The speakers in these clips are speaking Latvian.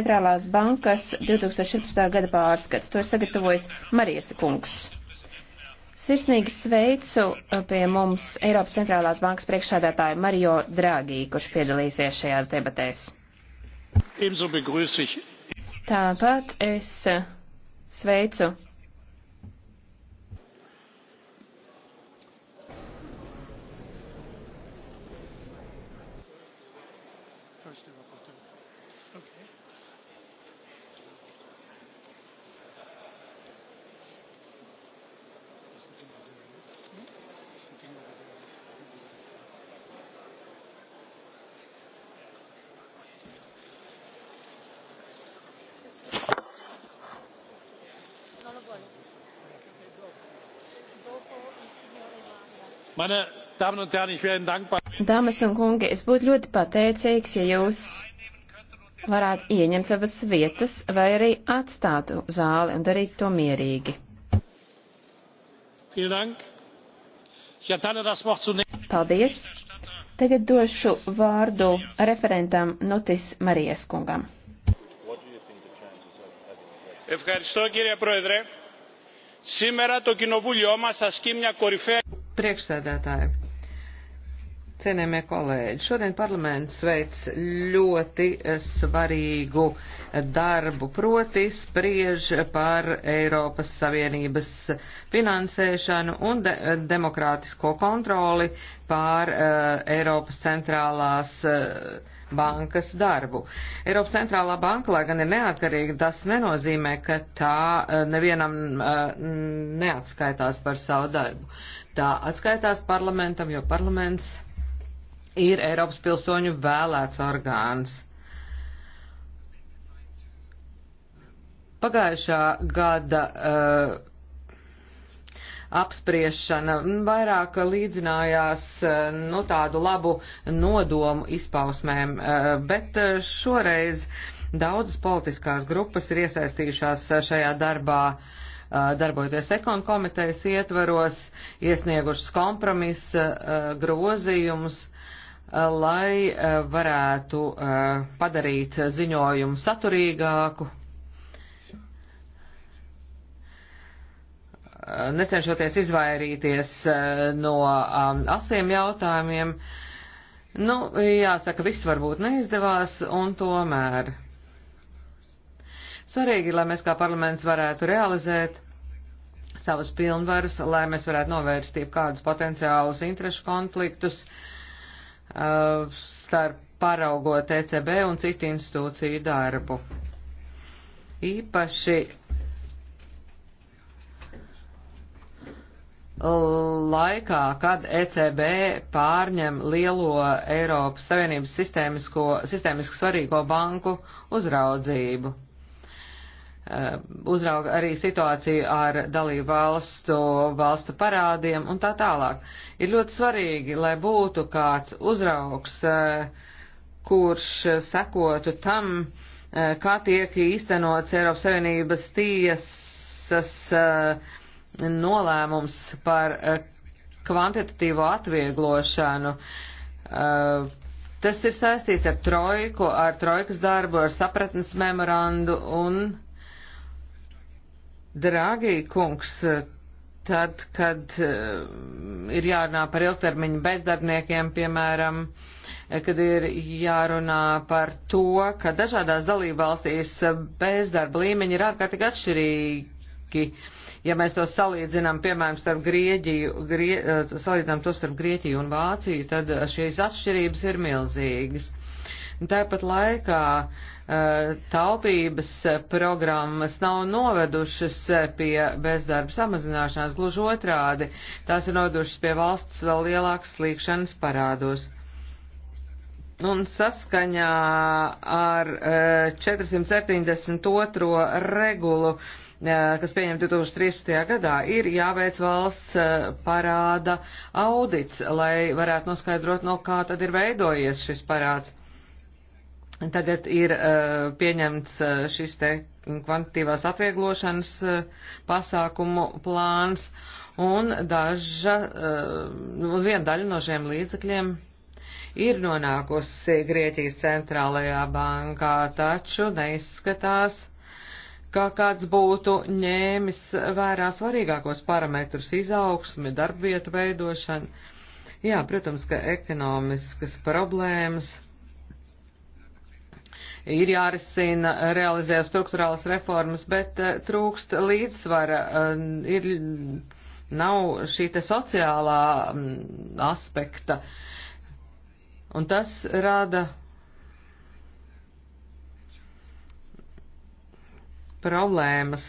centrālās bankas 2014. gada pārskats. To ir sagatavojis Marijas kungs. Sirsnīgi sveicu uh, pie mums Eiropas centrālās bankas priekšsādātāju Mario Dragī, kurš piedalīsies šajās debatēs. Tāpat es uh, sveicu Dāmas un kungi, es būtu ļoti pateicīgs, ja jūs varētu ieņemt savas vietas vai arī atstātu zāli un darīt to mierīgi. Paldies. Tagad došu vārdu referentam Notis Marijas kungam. Ευχαριστώ κύριε Πρόεδρε. Σήμερα το κοινοβούλιο μας ασκεί μια κορυφαία priekšsēdētāji. Cienējamie kolēģi, šodien parlaments veic ļoti eh, svarīgu eh, darbu, proti spriež par Eiropas Savienības finansēšanu un de demokrātisko kontroli pār uh, Eiropas centrālās uh, bankas darbu. Eiropas centrālā banka, lai gan ir neatkarīga, tas nenozīmē, ka tā uh, nevienam uh, neatskaitās par savu darbu. Uh, tā atskaitās parlamentam, jo parlaments ir Eiropas pilsoņu vēlēts orgāns. Pagājušā gada uh, apspriešana vairāk līdzinājās uh, nu, tādu labu nodomu izpausmēm, uh, bet uh, šoreiz daudzas politiskās grupas ir iesaistījušās šajā darbā darbojoties ekonu komitejas ietvaros, iesniegušas kompromisa grozījumus, lai varētu padarīt ziņojumu saturīgāku, necenšoties izvairīties no asiem jautājumiem. Nu, jāsaka, viss varbūt neizdevās, un tomēr. Svarīgi, lai mēs kā parlaments varētu realizēt savas pilnvaras, lai mēs varētu novērst kādus potenciālus interešu konfliktus uh, starp paraugot ECB un citu institūciju darbu. Īpaši laikā, kad ECB pārņem lielo Eiropas Savienības sistēmisko, sistēmiski svarīgo banku uzraudzību. Eh, uzrauga arī situāciju ar dalību valstu, valstu parādiem un tā tālāk. Ir ļoti svarīgi, lai būtu kāds uzraugs, eh, kurš sekotu tam, eh, kā tiek īstenots Eiropas Savienības tiesas nolēmums par kvantitatīvo atvieglošanu. Tas ir saistīts ar trojku, ar trojkas darbu, ar sapratnes memorandu un Dragi kungs, tad, kad eh, ir jārunā par ilgtermiņu bezdarbniekiem, piemēram, eh, kad ir jārunā par to, ka dažādās dalībvalstīs bezdarba līmeņi ir ārkārtīgi atšķirīgi. Ja mēs to salīdzinām, piemēram, starp Grieķiju, Grie, eh, salīdzinām to starp Grieķiju un Vāciju, tad šīs atšķirības ir milzīgas. Tāpat laikā eh, taupības programmas nav novedušas eh, pie bezdarba samazināšanās, gluži otrādi, tās ir novedušas pie valsts vēl lielākas slīkšanas parādos. Un saskaņā ar 472. Eh, regulu kas pieņem 2013. gadā, ir jāveic valsts parāda audits, lai varētu noskaidrot, no kā tad ir veidojies šis parāds. Tagad ir uh, pieņemts uh, šis te kvantitīvās atvieglošanas uh, pasākumu plāns, un daža, uh, viena daļa no šiem līdzekļiem ir nonākusi Grieķijas centrālajā bankā, taču neizskatās, kā kāds būtu ņēmis vērā svarīgākos parametrus - izaugsmi, darbvietu veidošanu. Jā, protams, ka ekonomiskas problēmas ir jārisina realizē struktūrālas reformas, bet eh, trūkst līdzsvara. Eh, ir, nav šī te sociālā mm, aspekta. Un tas rada problēmas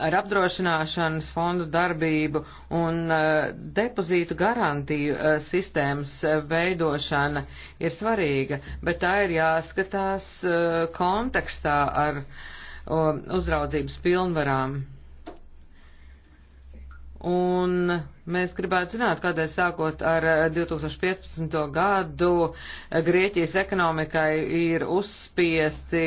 ar apdrošināšanas fondu darbību un eh, depozītu garantiju eh, sistēmas eh, veidošana ir svarīga, bet tā ir jāskatās kontekstā ar uzraudzības pilnvarām. Un mēs gribētu zināt, kādēļ sākot ar 2015. gadu Grieķijas ekonomikai ir uzspiesti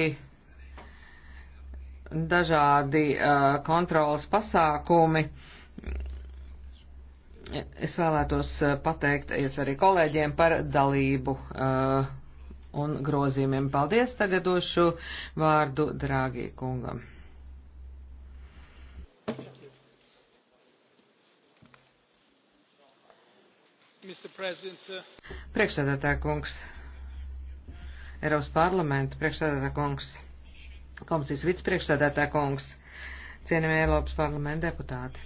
dažādi uh, kontrolas pasākumi. Es vēlētos uh, pateikties arī kolēģiem par dalību uh, un grozījumiem. Paldies, tagad došu vārdu Drāgī kungam. Uh, priekšsēdētāja kungs, Eiropas parlamenta priekšsēdētāja kungs komisijas vicepriekšsēdētā kungs, cienījamie Eiropas parlamenta deputāti.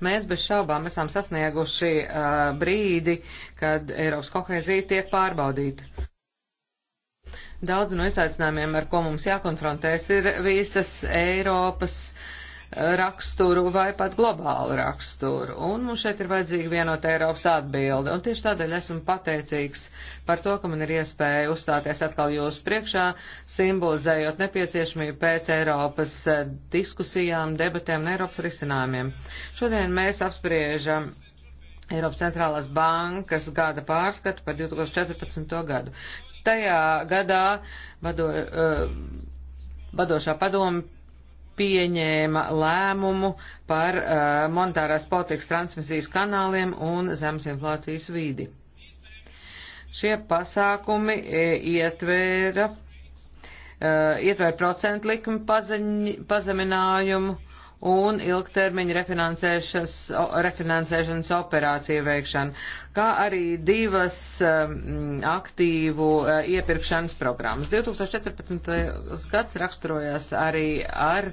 Mēs bez šaubām esam sasnieguši uh, brīdi, kad Eiropas kohēzija tiek pārbaudīta. Daudz no izaicinājumiem, ar ko mums jākonfrontēs, ir visas Eiropas uh, raksturu vai pat globālu raksturu. Un mums šeit ir vajadzīga vienota Eiropas atbilde. Un tieši tādēļ esmu pateicīgs par to, ka man ir iespēja uzstāties atkal jūsu priekšā, simbolizējot nepieciešamību pēc Eiropas eh, diskusijām, debatēm un Eiropas risinājumiem. Šodien mēs apspriežam Eiropas centrālās bankas gada pārskatu par 2014. gadu. Tajā gadā vado, uh, vadošā padoma pieņēma lēmumu par uh, monetārās politikas transmisijas kanāliem un zemes inflācijas vīdi. Šie pasākumi e, ietvēra, uh, ietvēra procentu likmi pazeņ, pazeminājumu, un ilgtermiņa refinansēšanas, refinansēšanas operāciju veikšanu, kā arī divas um, aktīvu uh, iepirkšanas programmas. 2014. gads raksturojās arī ar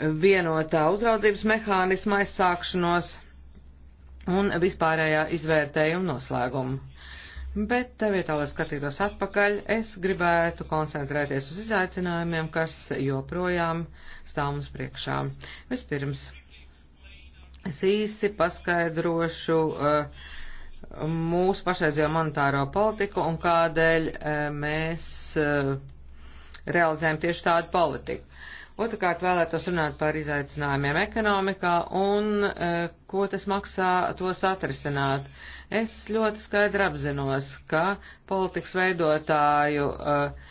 vienotā uzraudzības mehānisma aizsākšanos un vispārējā izvērtējuma noslēgumu. Bet eh, vietā, lai skatītos atpakaļ, es gribētu koncentrēties uz izaicinājumiem, kas joprojām stāv mums priekšā. Vispirms, es īsi paskaidrošu uh, mūsu pašreizējo monetāro politiku un kādēļ uh, mēs uh, realizējam tieši tādu politiku. Otrakārt vēlētos runāt par izaicinājumiem ekonomikā un ko tas maksā tos atrisināt. Es ļoti skaidri apzinos, ka politikas veidotāju uh,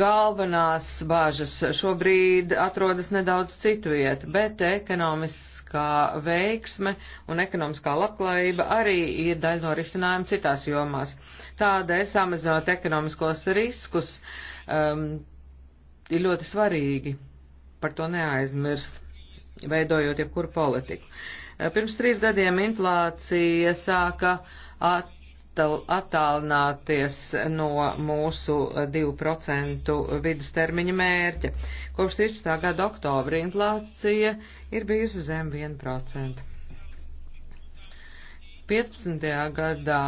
galvenās bāžas šobrīd atrodas nedaudz citu vietu, bet ekonomiskā veiksme un ekonomiskā labklājība arī ir daļa no risinājuma citās jomās. Tādēļ samazinot ekonomiskos riskus um, ir ļoti svarīgi par to neaizmirst, veidojot jebkuru politiku. Pirms trīs gadiem inflācija sāka attālināties no mūsu 2% vidustermiņa mērķa. Kopš 13. gada oktobra inflācija ir bijusi zem 1%. 15. gadā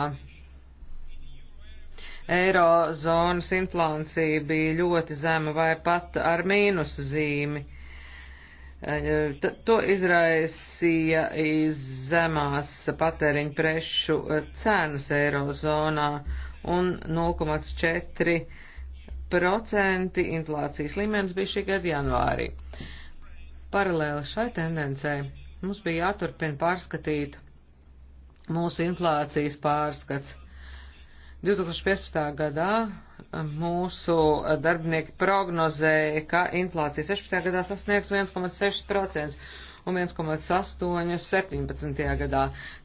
Eirozonas inflācija bija ļoti zema vai pat ar mīnusu zīmi. To izraisīja zemās patēriņu prešu e, cenas Eirozonā un 0,4% inflācijas līmenis bija šī gada janvārī. Paralēli šai tendencē mums bija jāturpina pārskatīt mūsu inflācijas pārskats. 2015. gadā mūsu darbinieki prognozēja, ka inflācija 16. gadā sasniegs 1,6% un 1,8 17. gadā,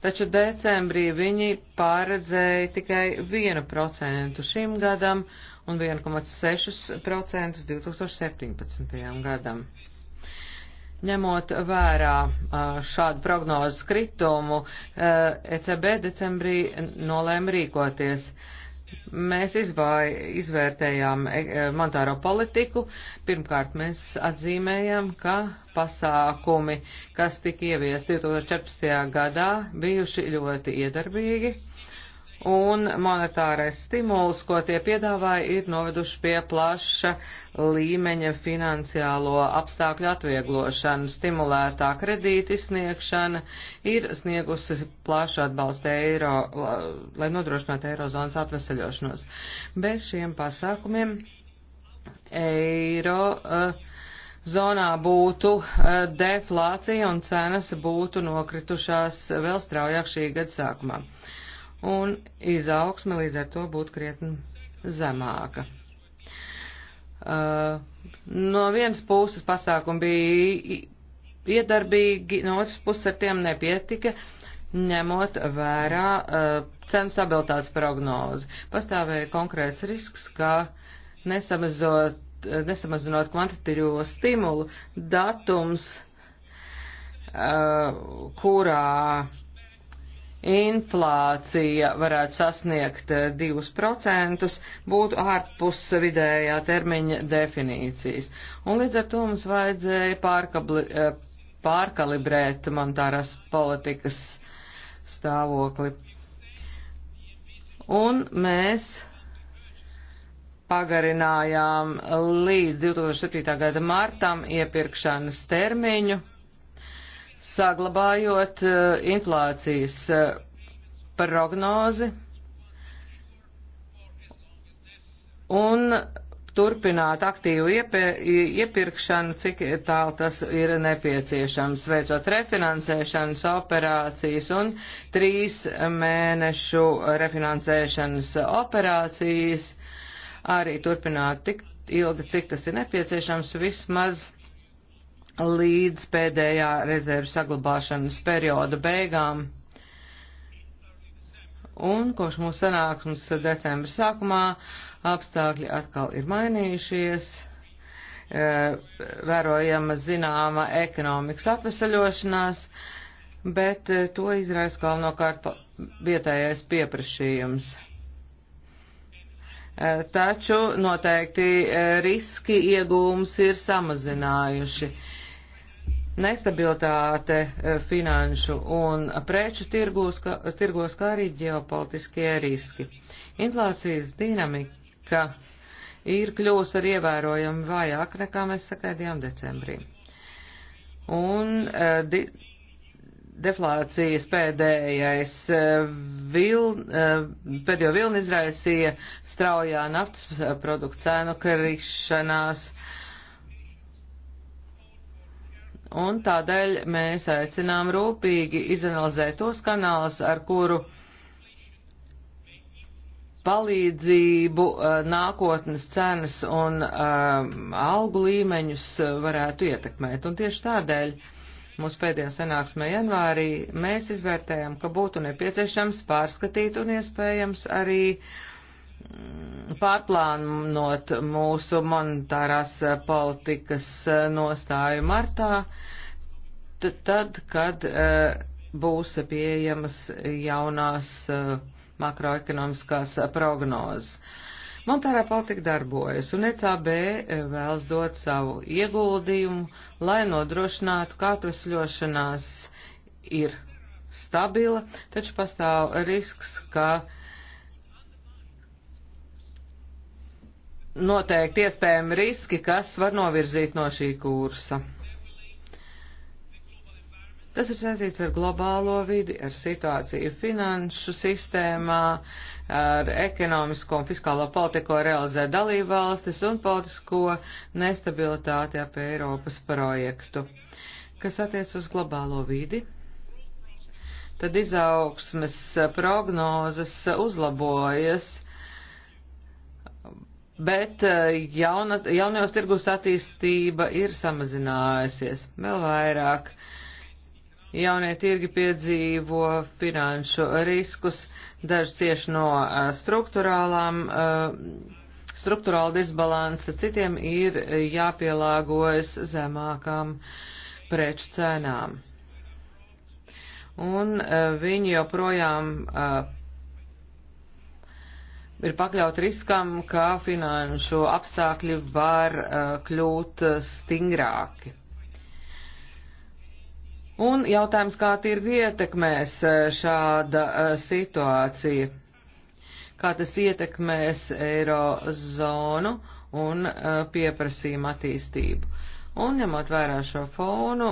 taču decembrī viņi pārredzēja tikai 1% šim gadam un 1,6% 2017. gadam. Ņemot vērā šādu prognozu kritumu, ECB decembrī nolēma rīkoties. Mēs izvāj, izvērtējām e, e, monetāro politiku. Pirmkārt, mēs atzīmējam, ka pasākumi, kas tika ieviesti 2014. gadā, bijuši ļoti iedarbīgi un monetārais stimuls, ko tie piedāvāja, ir noveduši pie plaša līmeņa finansiālo apstākļu atvieglošanu. Stimulētā kredīta izsniegšana ir sniegusi plašu atbalstu eiro, lai nodrošinātu eirozonas atveseļošanos. Bez šiem pasākumiem eiro. Uh, zonā būtu eh, deflācija un cenas būtu nokritušās vēl straujāk šī gada sākumā. Uh, un izaugsme līdz ar to būtu krietni zemāka. Uh, no vienas puses pasākumi bija iedarbīgi, no otras puses ar tiem nepietika, ņemot vērā uh, cenu stabilitātes prognozi. Pastāvēja konkrēts risks, ka nesamazot, uh, nesamazinot kvantitīvo stimulu datums, uh, kurā inflācija varētu sasniegt 2%, eh, būtu ārpus vidējā termiņa definīcijas. Un līdz ar to mums vajadzēja pārkabli, eh, pārkalibrēt monetāras politikas stāvokli. Un mēs pagarinājām līdz 2007. gada martam iepirkšanas termiņu saglabājot eh, inflācijas eh, prognozi un turpināt aktīvu iepirkšanu, cik tālu tas ir nepieciešams, veicot refinansēšanas operācijas un trīs mēnešu refinansēšanas operācijas, arī turpināt tik ilgi, cik tas ir nepieciešams, vismaz līdz pēdējā rezervu saglabāšanas perioda beigām. Un kopš mūsu sanāksmes decembra sākumā apstākļi atkal ir mainījušies, e, vērojama zināma ekonomikas atvesaļošanās, bet e, to izraisa galvenokārt vietējais pieprasījums. E, taču noteikti riski iegūmus ir samazinājuši. Uh, Nestabilitāte e, finanšu un preču tirgos, kā, tirgos, kā arī ģeopolitiskie riski. Inflācijas dinamika ir kļūst ar ievērojami vājāk nekā mēs sagaidījām decembrī. Un e, di, deflācijas pēdējais e, vil, pēdējo vilni izraisīja straujā naftas produktu cēnu karišanās. Uh, un tādēļ mēs aicinām rūpīgi izanalizēt tos kanālus, ar kuru palīdzību eh, nākotnes cenas un um, algu līmeņus eh, varētu ietekmēt. Un tieši tādēļ mūsu pēdējā sanāksmē janvārī mēs izvērtējam, ka būtu nepieciešams pārskatīt un iespējams arī uh, pārplānot mūsu monetārās politikas eh, nostāju martā, tad, kad eh, būs pieejamas jaunās eh, makroekonomiskās prognozes. Monetārā politika darbojas, un ECB vēlas dot savu ieguldījumu, lai nodrošinātu, ka atvesļošanās ir stabila, taču pastāv risks, ka uh, noteikti iespējami riski, kas var novirzīt no šī kursa. Tas ir saistīts ar globālo vidi, ar situāciju finanšu sistēmā, ar ekonomisko un fiskālo politiko realizē dalību valstis un politisko nestabilitāti ap Eiropas projektu. Kas attiec uz globālo vidi, tad izaugsmes prognozes uzlabojas bet eh, jauna, jaunajos tirgus attīstība ir samazinājusies vēl vairāk. Jaunie tirgi piedzīvo finanšu riskus, daži cieši no eh, struktūrālām, eh, struktūrāla disbalansa, citiem ir jāpielāgojas zemākām preču cenām. Un viņi joprojām ir pakļaut riskam, ka finanšu apstākļi var uh, kļūt eh, stingrāki. Un jautājums, kā tirgu ietekmēs eh, šāda uh, situācija, kā tas ietekmēs eirozonu un uh, pieprasījumu attīstību. Un ņemot vērā šo fonu,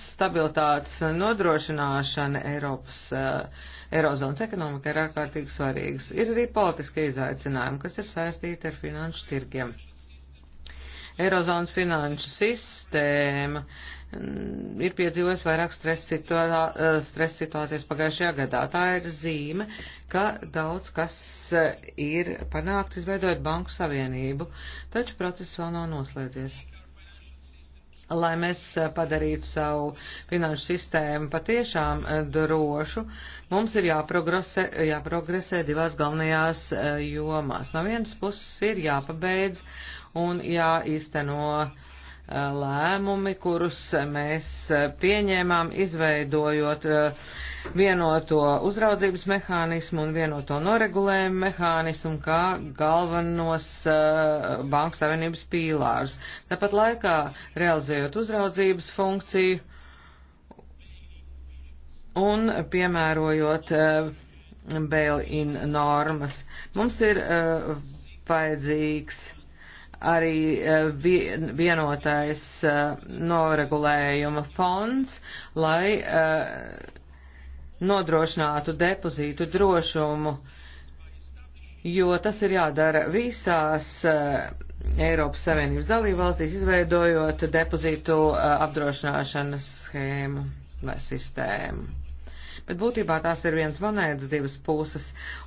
stabilitātes nodrošināšana Eiropas uh, Eirozonas ekonomika ir ārkārtīgi svarīgas. Ir arī politiskie izaicinājumi, kas ir saistīti ar finanšu tirgiem. Eirozonas finanšu sistēma mm, ir piedzīvojusi vairāk stresa situā, eh, stres situācijas pagājušajā gadā. Tā ir zīme, ka daudz kas eh, ir panākts izveidojot banku savienību, taču process vēl nav noslēdzies lai mēs eh, padarītu savu finanšu sistēmu patiešām eh, drošu, mums ir jāprogresē, jāprogresē divās galvenajās eh, jomās. No vienas puses ir jāpabeidz un jāīsteno lēmumi, kurus mēs pieņēmām, izveidojot eh, vienoto uzraudzības mehānismu un vienoto noregulējumu mehānismu kā galvenos eh, Banku Savienības pīlārus. Tāpat laikā realizējot uzraudzības funkciju un piemērojot eh, bail-in normas. Mums ir vajadzīgs uh, arī eh, vienotais eh, noregulējuma fonds, lai eh, nodrošinātu depozītu drošumu, jo tas ir jādara visās Eiropas Savienības dalībvalstīs, izveidojot depozītu apdrošināšanas schēmu vai sistēmu bet būtībā tās ir viens monētas divas puses,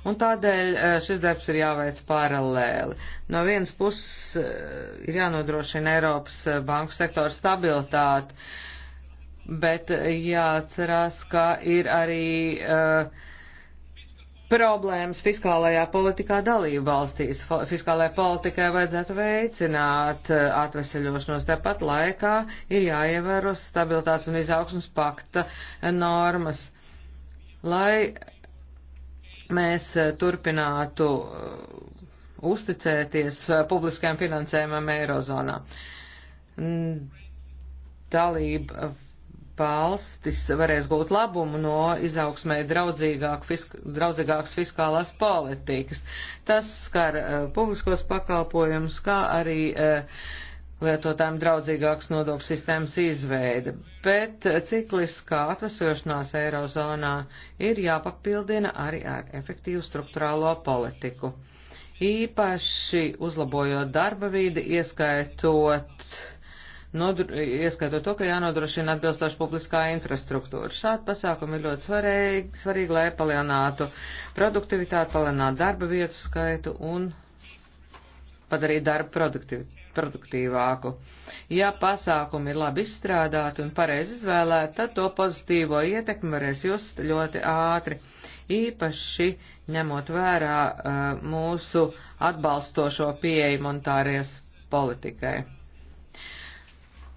un tādēļ eh, šis darbs ir jāveic paralēli. No vienas puses eh, ir jānodrošina Eiropas eh, banku sektora stabilitāte, bet jāatcerās, ka ir arī uh, problēmas fiskālajā politikā dalību valstīs. Fiskālajai politikai vajadzētu veicināt atveseļošanos. Tāpat laikā ir jāievēro stabilitātes un izaugsmas pakta normas lai mēs eh, turpinātu eh, uzticēties eh, publiskajam finansējumam Eirozonā. Dalība valstis varēs būt labumu no izaugsmē draudzīgāk, fisk, draudzīgākas fiskālās politikas. Tas skar uh, publiskos pakalpojumus, kā arī uh, lietotājiem draudzīgāks nodokļu sistēmas izveida, bet cikliskā atvesošanās Eirozonā ir jāpapildina arī ar efektīvu struktūrālo politiku. Īpaši uzlabojot darba vidi, ieskaitot Nodru, ieskaitot to, ka jānodrošina atbilstoši publiskā infrastruktūra. Šādi pasākumi ir ļoti svarīgi, svarīgi lai palielinātu produktivitāti, palielinātu darba vietu skaitu un padarīt darbu produktīvu produktīvāku. Ja pasākumi ir labi izstrādāti un pareizi izvēlēti, tad to pozitīvo ietekmi varēs just ļoti ātri, īpaši ņemot vērā uh, mūsu atbalstošo pieeju monetāries politikai.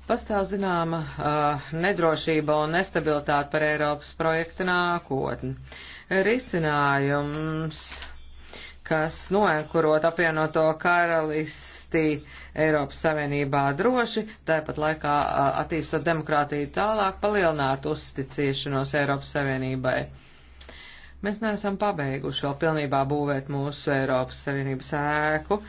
Pastāv zināma uh, nedrošība un nestabilitāte par Eiropas projekta nākotni. Risinājums kas noenkurot apvienoto karalisti Eiropas Savienībā droši, tāpat laikā attīstot demokrātiju tālāk, palielināt uzticēšanos Eiropas Savienībai. Mēs neesam pabeiguši vēl pilnībā būvēt mūsu Eiropas Savienības ēku.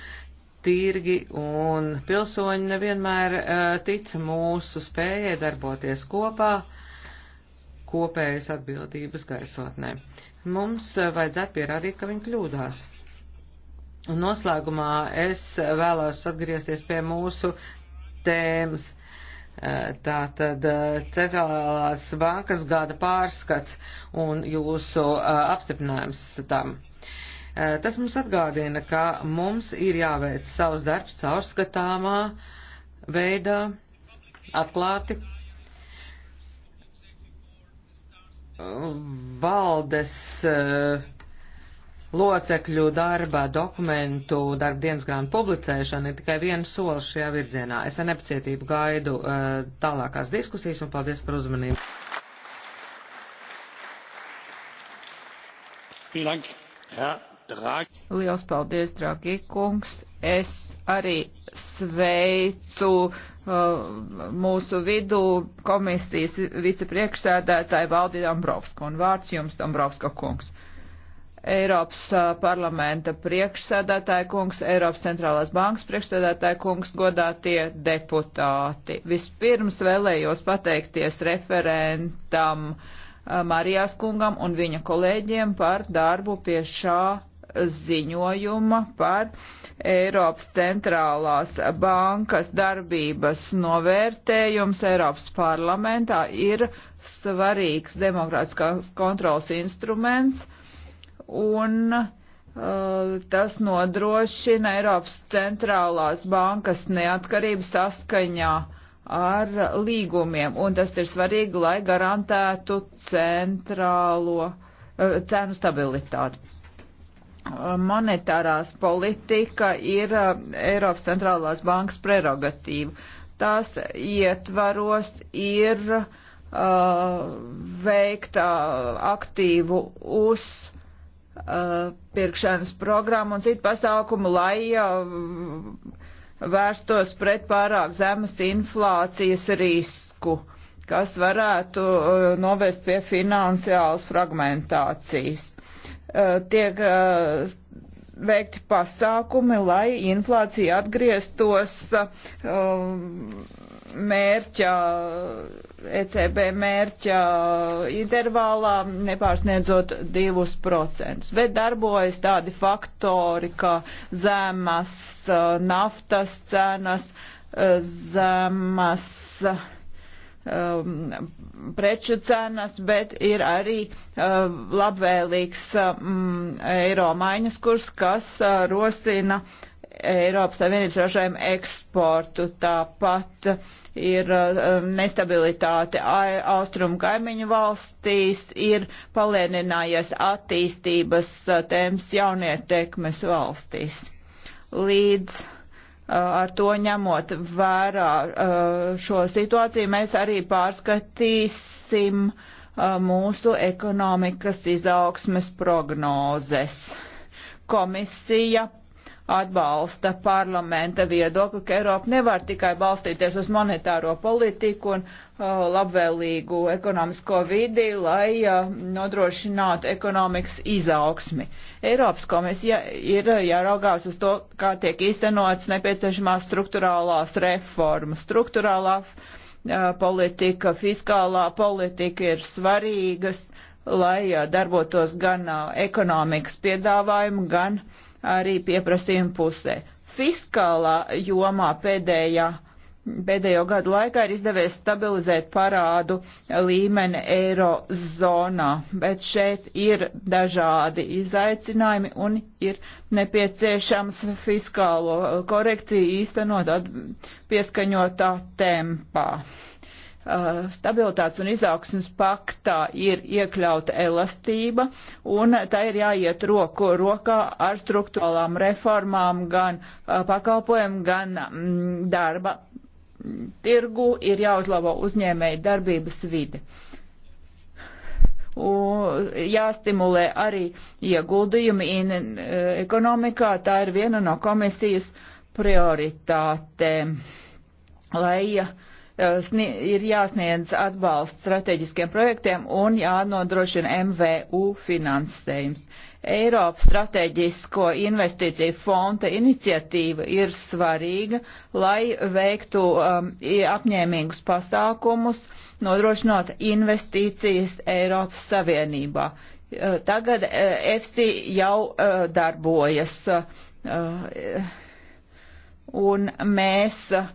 Tirgi un pilsoņi nevienmēr uh, tic mūsu spējai darboties kopā kopējas atbildības gaisotnē. Mums vajadzētu pierādīt, ka viņi kļūdās. Un noslēgumā es vēlos atgriezties pie mūsu tēmas. Tātad centrālās bankas gada pārskats un jūsu apstiprinājums tam. Tas mums atgādina, ka mums ir jāveic savs darbs caurskatāmā veidā, atklāti, valdes uh, locekļu darba dokumentu darba dienas grāmatu publicēšana ir tikai viens solis šajā virzienā. Es ar nepacietību gaidu uh, tālākās diskusijas un paldies par uzmanību. Dank, Liels paldies, Dragi kungs. Es arī sveicu uh, mūsu vidū komisijas vicepriekšsēdētāju Valdi Dombrovsku un vārds jums, Dombrovska kungs. Uh, Eiropas parlamenta priekšsēdētāja kungs, Eiropas centrālās bankas priekšsēdētāja kungs, godātie deputāti. Vispirms vēlējos pateikties referentam Marijās kungam un viņa kolēģiem par darbu pie šā ziņojuma par Eiropas centrālās bankas darbības novērtējums Eiropas parlamentā ir svarīgs demokrātiskās kontrols instruments un uh, tas nodrošina Eiropas centrālās bankas neatkarību saskaņā ar līgumiem, un tas ir svarīgi, lai garantētu centrālo uh, cenu stabilitāti. Monetārās politika ir uh, Eiropas centrālās bankas prerogatīva. Tās ietvaros ir uh, veikta uh, aktīvu uz Uh, pirkšanas programmu un citu pasākumu, lai uh, vērstos pret pārāk zemes inflācijas risku, kas varētu uh, novest pie finansiālas fragmentācijas. Tiek veikti pasākumi, lai inflācija atgrieztos um, mērķa, ECB mērķa intervālā, nepārsniedzot 2%. Bet darbojas tādi faktori, kā zemas naftas cenas, zemas um, preču cenas, bet ir arī uh, labvēlīgs um, eiro maiņas kurs, kas uh, rosina Eiropas Savienības ražojumu eksportu. Tāpat uh, ir uh, um, nestabilitāte austrumu kaimiņu valstīs, ir palēninājies attīstības uh, temps jaunietekmes valstīs. Līdz uh, ar to ņemot vērā šo situāciju, mēs arī pārskatīsim mūsu ekonomikas izaugsmes prognozes. Komisija atbalsta parlamenta viedokli, ka Eiropa nevar tikai balstīties uz monetāro politiku un uh, labvēlīgu ekonomisko vidi, lai uh, nodrošinātu ekonomikas izaugsmi. Eiropas komisija ir uh, jāraugās uz to, kā tiek īstenots nepieciešamās struktūrālās reformas. Struktūrālā uh, politika, fiskālā politika ir svarīgas, lai uh, darbotos gan uh, ekonomikas piedāvājumu, gan uh, arī pieprasījuma pusē. Fiskālā jomā pēdējā pēdējo gadu laikā ir izdevies stabilizēt parādu līmeni eirozonā, bet šeit ir dažādi izaicinājumi un ir nepieciešams fiskālo korekciju īstenot pieskaņotā tempā. Eh, stabilitātes un izaugsmas paktā ir iekļauta elastība, un tā ir jāiet roku rokā ar struktūrālām reformām gan eh, pakalpojumu, gan mm, darba mm, tirgu, ir jāuzlabo uzņēmēju darbības vide. Un jāstimulē arī ieguldījumi in, eh, ekonomikā, tā ir viena no komisijas prioritātēm, lai uh, Eh, ir jāsniedz atbalsts strateģiskiem projektiem un jānodrošina MVU finansējums. Eiropas strateģisko investīciju fonda iniciatīva ir svarīga, lai veiktu um, apņēmīgus pasākumus, nodrošinot investīcijas Eiropas Savienībā. Eh, tagad eh, FC jau uh, darbojas, uh, un mēs uh,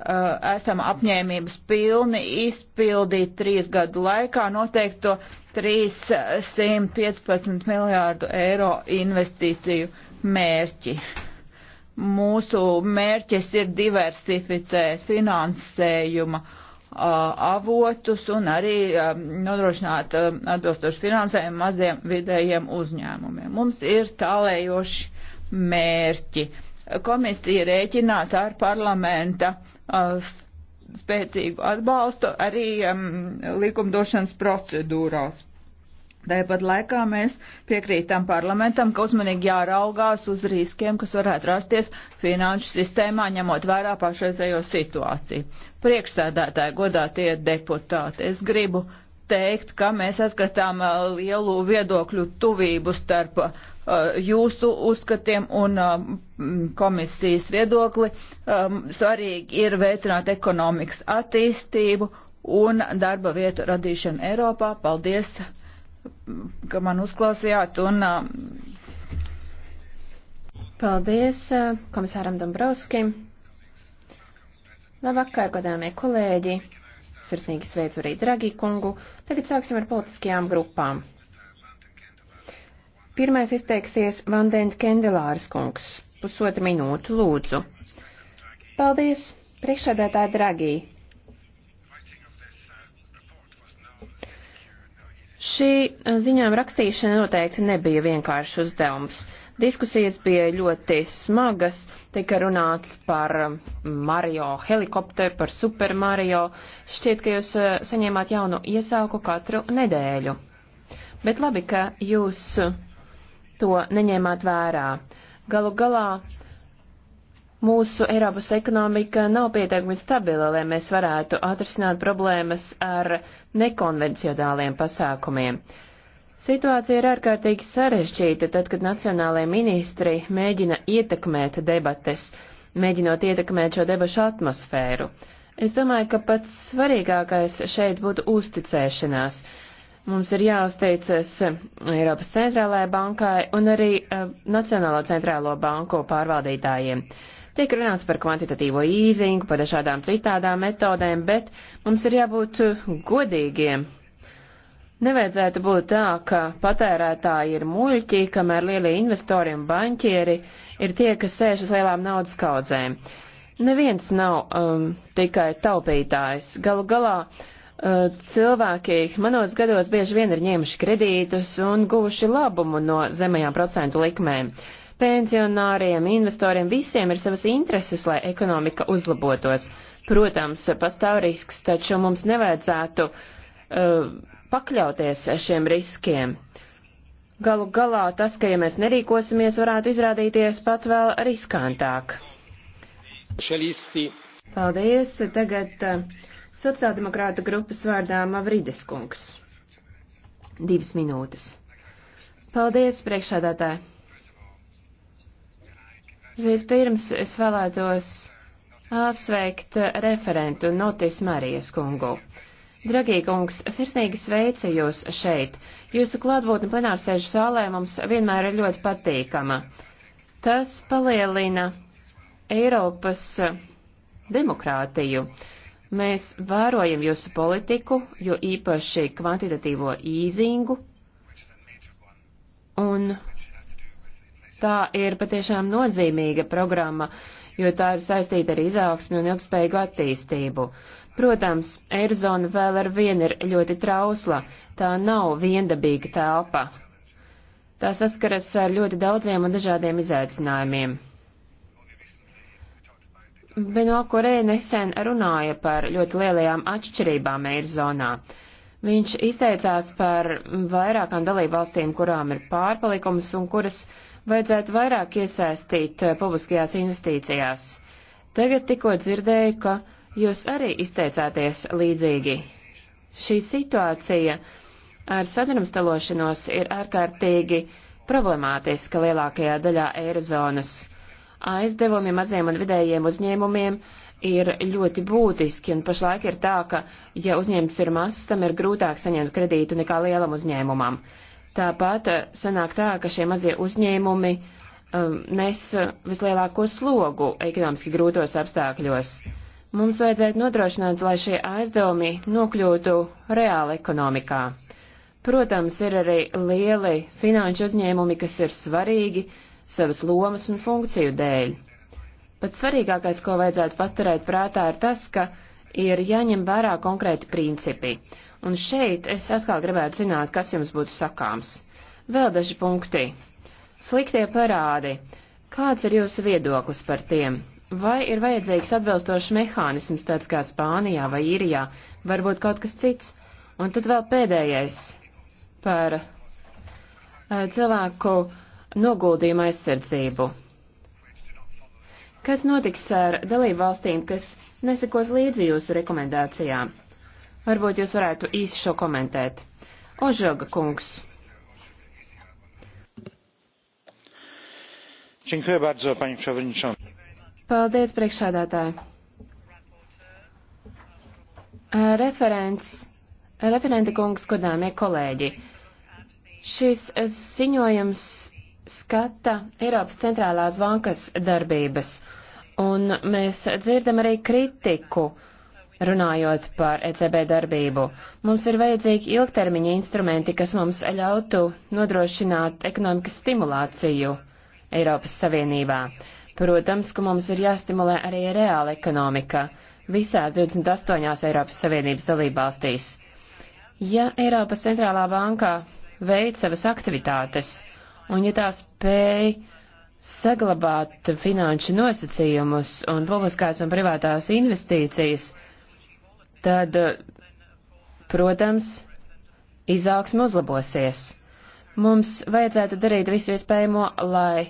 Eh, esam apņēmības pilni izpildīt trīs gadu laikā noteikto 315 miljārdu eiro investīciju mērķi. Mūsu mērķis ir diversificēt finansējuma eh, avotus un arī eh, nodrošināt atbilstošu finansējumu maziem vidējiem uzņēmumiem. Mums ir tālējoši mērķi. Komisija rēķinās ar parlamenta uh, Uh, spēcīgu atbalstu arī um, likumdošanas procedūrās. Tāpat laikā mēs piekrītam parlamentam, ka uzmanīgi jāraugās uz riskiem, kas varētu rasties finanšu sistēmā, ņemot vērā pašreizējo situāciju. Priekšsēdētāji, godātie deputāti, es gribu teikt, ka mēs saskatām uh, lielu viedokļu tuvību starp uh, Uh, jūsu uzskatiem un uh, komisijas viedokli. Um, svarīgi ir veicināt ekonomikas attīstību un darba vietu radīšanu Eiropā. Paldies, ka man uzklausījāt. Un, um, Paldies uh, komisāram Dombrovskim. Labvakar, godāmie kolēģi! Sirsnīgi sveicu arī Dragi kungu. Tagad sāksim ar politiskajām grupām. Pirmais izteiksies Vandēna Kendelāras kungs. Pusotra minūte, lūdzu. Paldies, priekšsēdētāji Dragī. Šī eh, ziņojuma rakstīšana noteikti nebija vienkāršs uzdevums. Diskusijas bija ļoti smagas, tika runāts par eh, Mario helikopteru, par Super Mario. Šķiet, ka jūs eh, saņēmāt jaunu iesauku katru nedēļu. Bet labi, ka jūs to neņēmāt vērā. Galu galā mūsu Eiropas ekonomika nav pietiekami stabila, lai mēs varētu atrisināt problēmas ar nekonvencionāliem pasākumiem. Situācija ir ārkārtīgi sarežģīta, tad, kad nacionālajie ministri mēģina ietekmēt debates, mēģinot ietekmēt šo debašu atmosfēru. Es domāju, ka pats svarīgākais šeit būtu uzticēšanās. Mums ir jāuzteicas Eiropas centrālajai bankai un arī uh, Nacionālo centrālo banku pārvaldītājiem. Tiek runāts par kvantitatīvo īzingu, par dažādām citādām metodēm, bet mums ir jābūt eh, godīgiem. Nevajadzētu būt tā, ka patērētāji ir muļķi, kamēr lielie investori un baņķieri ir tie, kas sēž uz lielām naudas kaudzēm. Neviens nav um, tikai taupītājs. Galu galā uh, Eh, cilvēki manos gados bieži vien ir ņēmuši kredītus un guvuši labumu no zemajām procentu likmēm. Pensionāriem, investoriem, visiem ir savas intereses, lai ekonomika uzlabotos. Protams, pastāv risks, taču mums nevajadzētu uh, pakļauties šiem riskiem. Galu galā tas, ka ja mēs nerīkosimies, varētu izrādīties pat vēl riskantāk. Šelisti. Paldies. Tagad uh, Sociāldemokrāta grupas vārdā Mavrides kungs. Divas minūtes. Paldies, priekšādātāji. Vispirms es vēlētos apsveikt referentu Notis Marijas kungu. Dragie kungs, sirsnīgi sveicu jūs šeit. Jūsu klātbūtne plenārsēžu zālē mums vienmēr ir ļoti patīkama. Tas palielina Eiropas demokrātiju. Mēs vērojam jūsu politiku, jo īpaši kvantitatīvo īzingu, un tā ir patiešām nozīmīga programma, jo tā ir saistīta ar izaugsmi un ilgspējīgu attīstību. Protams, Eirozona vēl ar vienu ir ļoti trausla, tā nav viendabīga telpa. Tā saskaras ar ļoti daudziem un dažādiem izaicinājumiem. Beno Korē nesen runāja par ļoti lielajām atšķirībām eirozonā. Viņš izteicās par vairākām dalībvalstīm, kurām ir pārpalikums un kuras vajadzētu vairāk iesaistīt eh, publiskajās investīcijās. Tagad tikko dzirdēju, ka jūs arī izteicāties līdzīgi. Šī situācija ar sadrumstalošanos ir ārkārtīgi problemātiska lielākajā daļā eirozonas aizdevumi maziem un vidējiem uzņēmumiem ir ļoti būtiski, un pašlaik ir tā, ka, ja uzņēmums ir mazs, tam ir grūtāk saņemt kredītu nekā lielam uzņēmumam. Tāpat eh, sanāk tā, ka šie mazie uzņēmumi um, nes eh, vislielāko slogu ekonomiski grūtos apstākļos. Mums vajadzētu nodrošināt, lai šie aizdevumi nokļūtu reāli ekonomikā. Protams, ir arī lieli finanšu uzņēmumi, kas ir svarīgi, savas lomas un funkciju dēļ. Pats svarīgākais, ko vajadzētu paturēt prātā, ir tas, ka ir jāņem vērā konkrēti principi. Un šeit es atkal gribētu zināt, kas jums būtu sakāms. Vēl daži punkti. Sliktie parādi. Kāds ir jūsu viedoklis par tiem? Vai ir vajadzīgs atbilstošs mehānisms tāds kā Spānijā vai Īrijā, varbūt kaut kas cits? Un tad vēl pēdējais par eh, cilvēku noguldījuma aizsardzību. Kas notiks ar dalību valstīm, kas nesekos līdzi jūsu rekomendācijām? Varbūt jūs varētu īsi šo komentēt. Ožoga kungs. Paldies, priekšādātāji. Referents, referenta kungs, godāmie kolēģi. Šis ziņojums skata Eiropas centrālās bankas darbības, un mēs dzirdam arī kritiku runājot par ECB darbību. Mums ir vajadzīgi ilgtermiņa instrumenti, kas mums ļautu nodrošināt ekonomikas stimulāciju Eiropas Savienībā. Protams, ka mums ir jāstimulē arī reāla ekonomika visās 28 Eiropas Savienības dalībvalstīs. Ja Eiropas centrālā bankā veic savas aktivitātes, Un ja tā spēj saglabāt finanšu nosacījumus un publiskās un privātās investīcijas, tad, protams, izaugsme uzlabosies. Mums vajadzētu darīt visu iespējamo, lai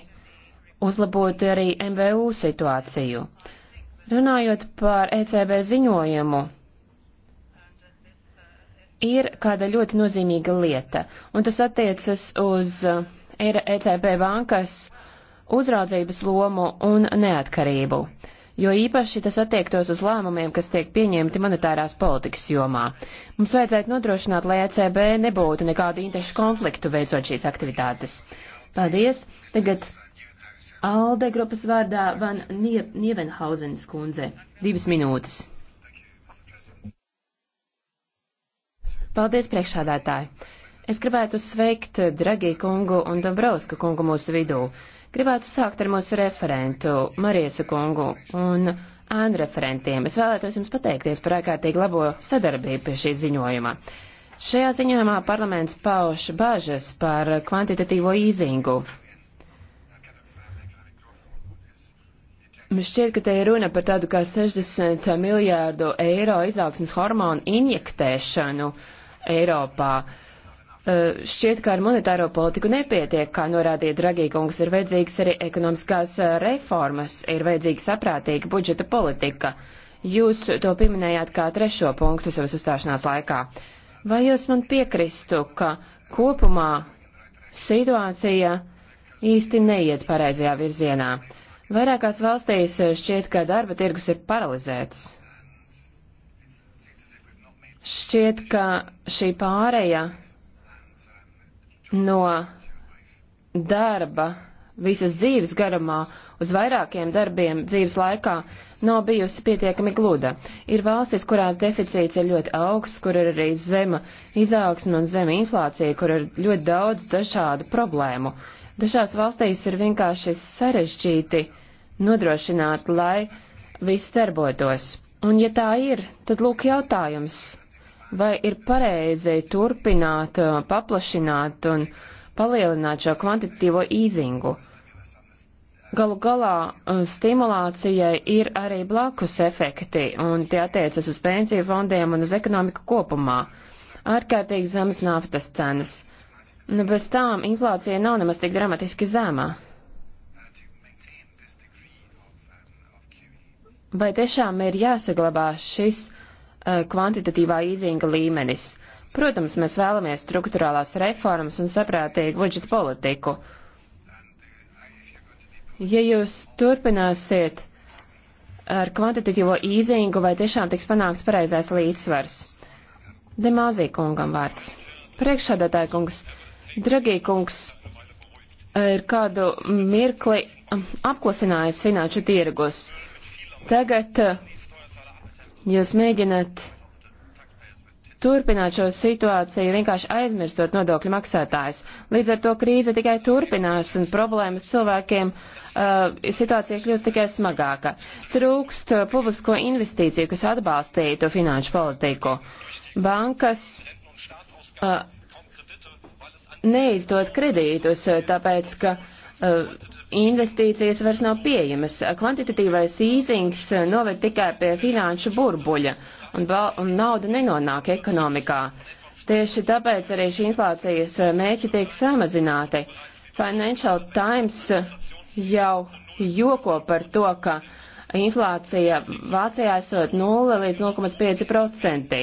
uzlabotu arī MVU situāciju. Runājot par ECB ziņojumu, ir kāda ļoti nozīmīga lieta, un tas attiecas uz ir ECB bankas uzraudzības lomu un neatkarību, jo īpaši tas attiektos uz lēmumiem, kas tiek pieņemti monetārās politikas jomā. Mums vajadzētu nodrošināt, lai ECB nebūtu nekādu interešu konfliktu veicot šīs aktivitātes. Paldies! Tagad Alde grupas vārdā Van Nie Nievenhausenes kundze. Divas minūtes. Paldies, priekšādātāji! Es gribētu sveikt Dragī kungu un Dombrovska kungu mūsu vidū. Gribētu sākt ar mūsu referentu Mariesu kungu un ēnu referentiem. Es vēlētos jums pateikties par ārkārtīgi labo sadarbību pie šī ziņojuma. Šajā ziņojumā parlaments pauž bažas par kvantitatīvo īzingu. Šķiet, ka te ir runa par tādu kā 60 miljārdu eiro izaugsmas hormonu injektēšanu Eiropā. Uh, Eh, šķiet, ka ar monetāro politiku nepietiek, kā norādīja Dragīkungs, ir vajadzīgas arī ekonomiskās eh, reformas, ir vajadzīga saprātīga budžeta politika. Jūs to pieminējāt kā trešo punktu savas uzstāšanās laikā. Vai jūs man piekristu, ka kopumā situācija īsti neiet pareizajā virzienā? Vairākās valstīs eh, šķiet, ka darba tirgus ir paralizēts. Šķiet, ka šī pāreja no darba visas dzīves garumā uz vairākiem darbiem dzīves laikā nav bijusi pietiekami gluda. Ir valstis, kurās deficīts ir ļoti augsts, kur ir arī zema izaugsme un zema inflācija, kur ir ļoti daudz dažādu problēmu. Dažās valstīs ir vienkārši sarežģīti nodrošināt, lai viss darbotos. Un ja tā ir, tad lūk jautājums, vai ir pareizi turpināt, uh, paplašināt un palielināt šo kvantitīvo īzingu. Galu galā uh, stimulācijai ir arī blakus efekti, un tie attiecas uz pensiju fondiem un uz ekonomiku kopumā. Ārkārtīgi zemes naftas cenas. Nu, bez tām inflācija nav nemaz tik dramatiski zemā. Vai tiešām ir jāsaglabā šis Eh, kvantitatīvā īzinga līmenis. Protams, mēs vēlamies struktūrālās reformas un saprātīgu budžeta politiku. Ja jūs turpināsiet ar kvantitatīvo īzingu, vai tiešām tiks panāks pareizais līdzsvars? Demāzī kungam vārds. Priekšādātāja kungs, dragī kungs, ir kādu mirkli apklusinājis finanšu tirgus. Tagad uh, Jūs mēģināt turpināt šo situāciju, vienkārši aizmirstot nodokļu maksātājus. Līdz ar to krīze tikai turpinās un problēmas cilvēkiem uh, situācija kļūst tikai smagāka. Trūkst publisko investīciju, kas atbalstītu finanšu politiku. Bankas uh, neizdod kredītus, tāpēc ka uh, investīcijas vairs nav pieejamas. Kvantitatīvais īzings noved tikai pie finanšu burbuļa un, un nauda nenonāk ekonomikā. Tieši tāpēc arī šī inflācijas mēķi tiek samazināti. Financial Times jau joko par to, ka inflācija Vācijā esot 0 līdz 0,5%.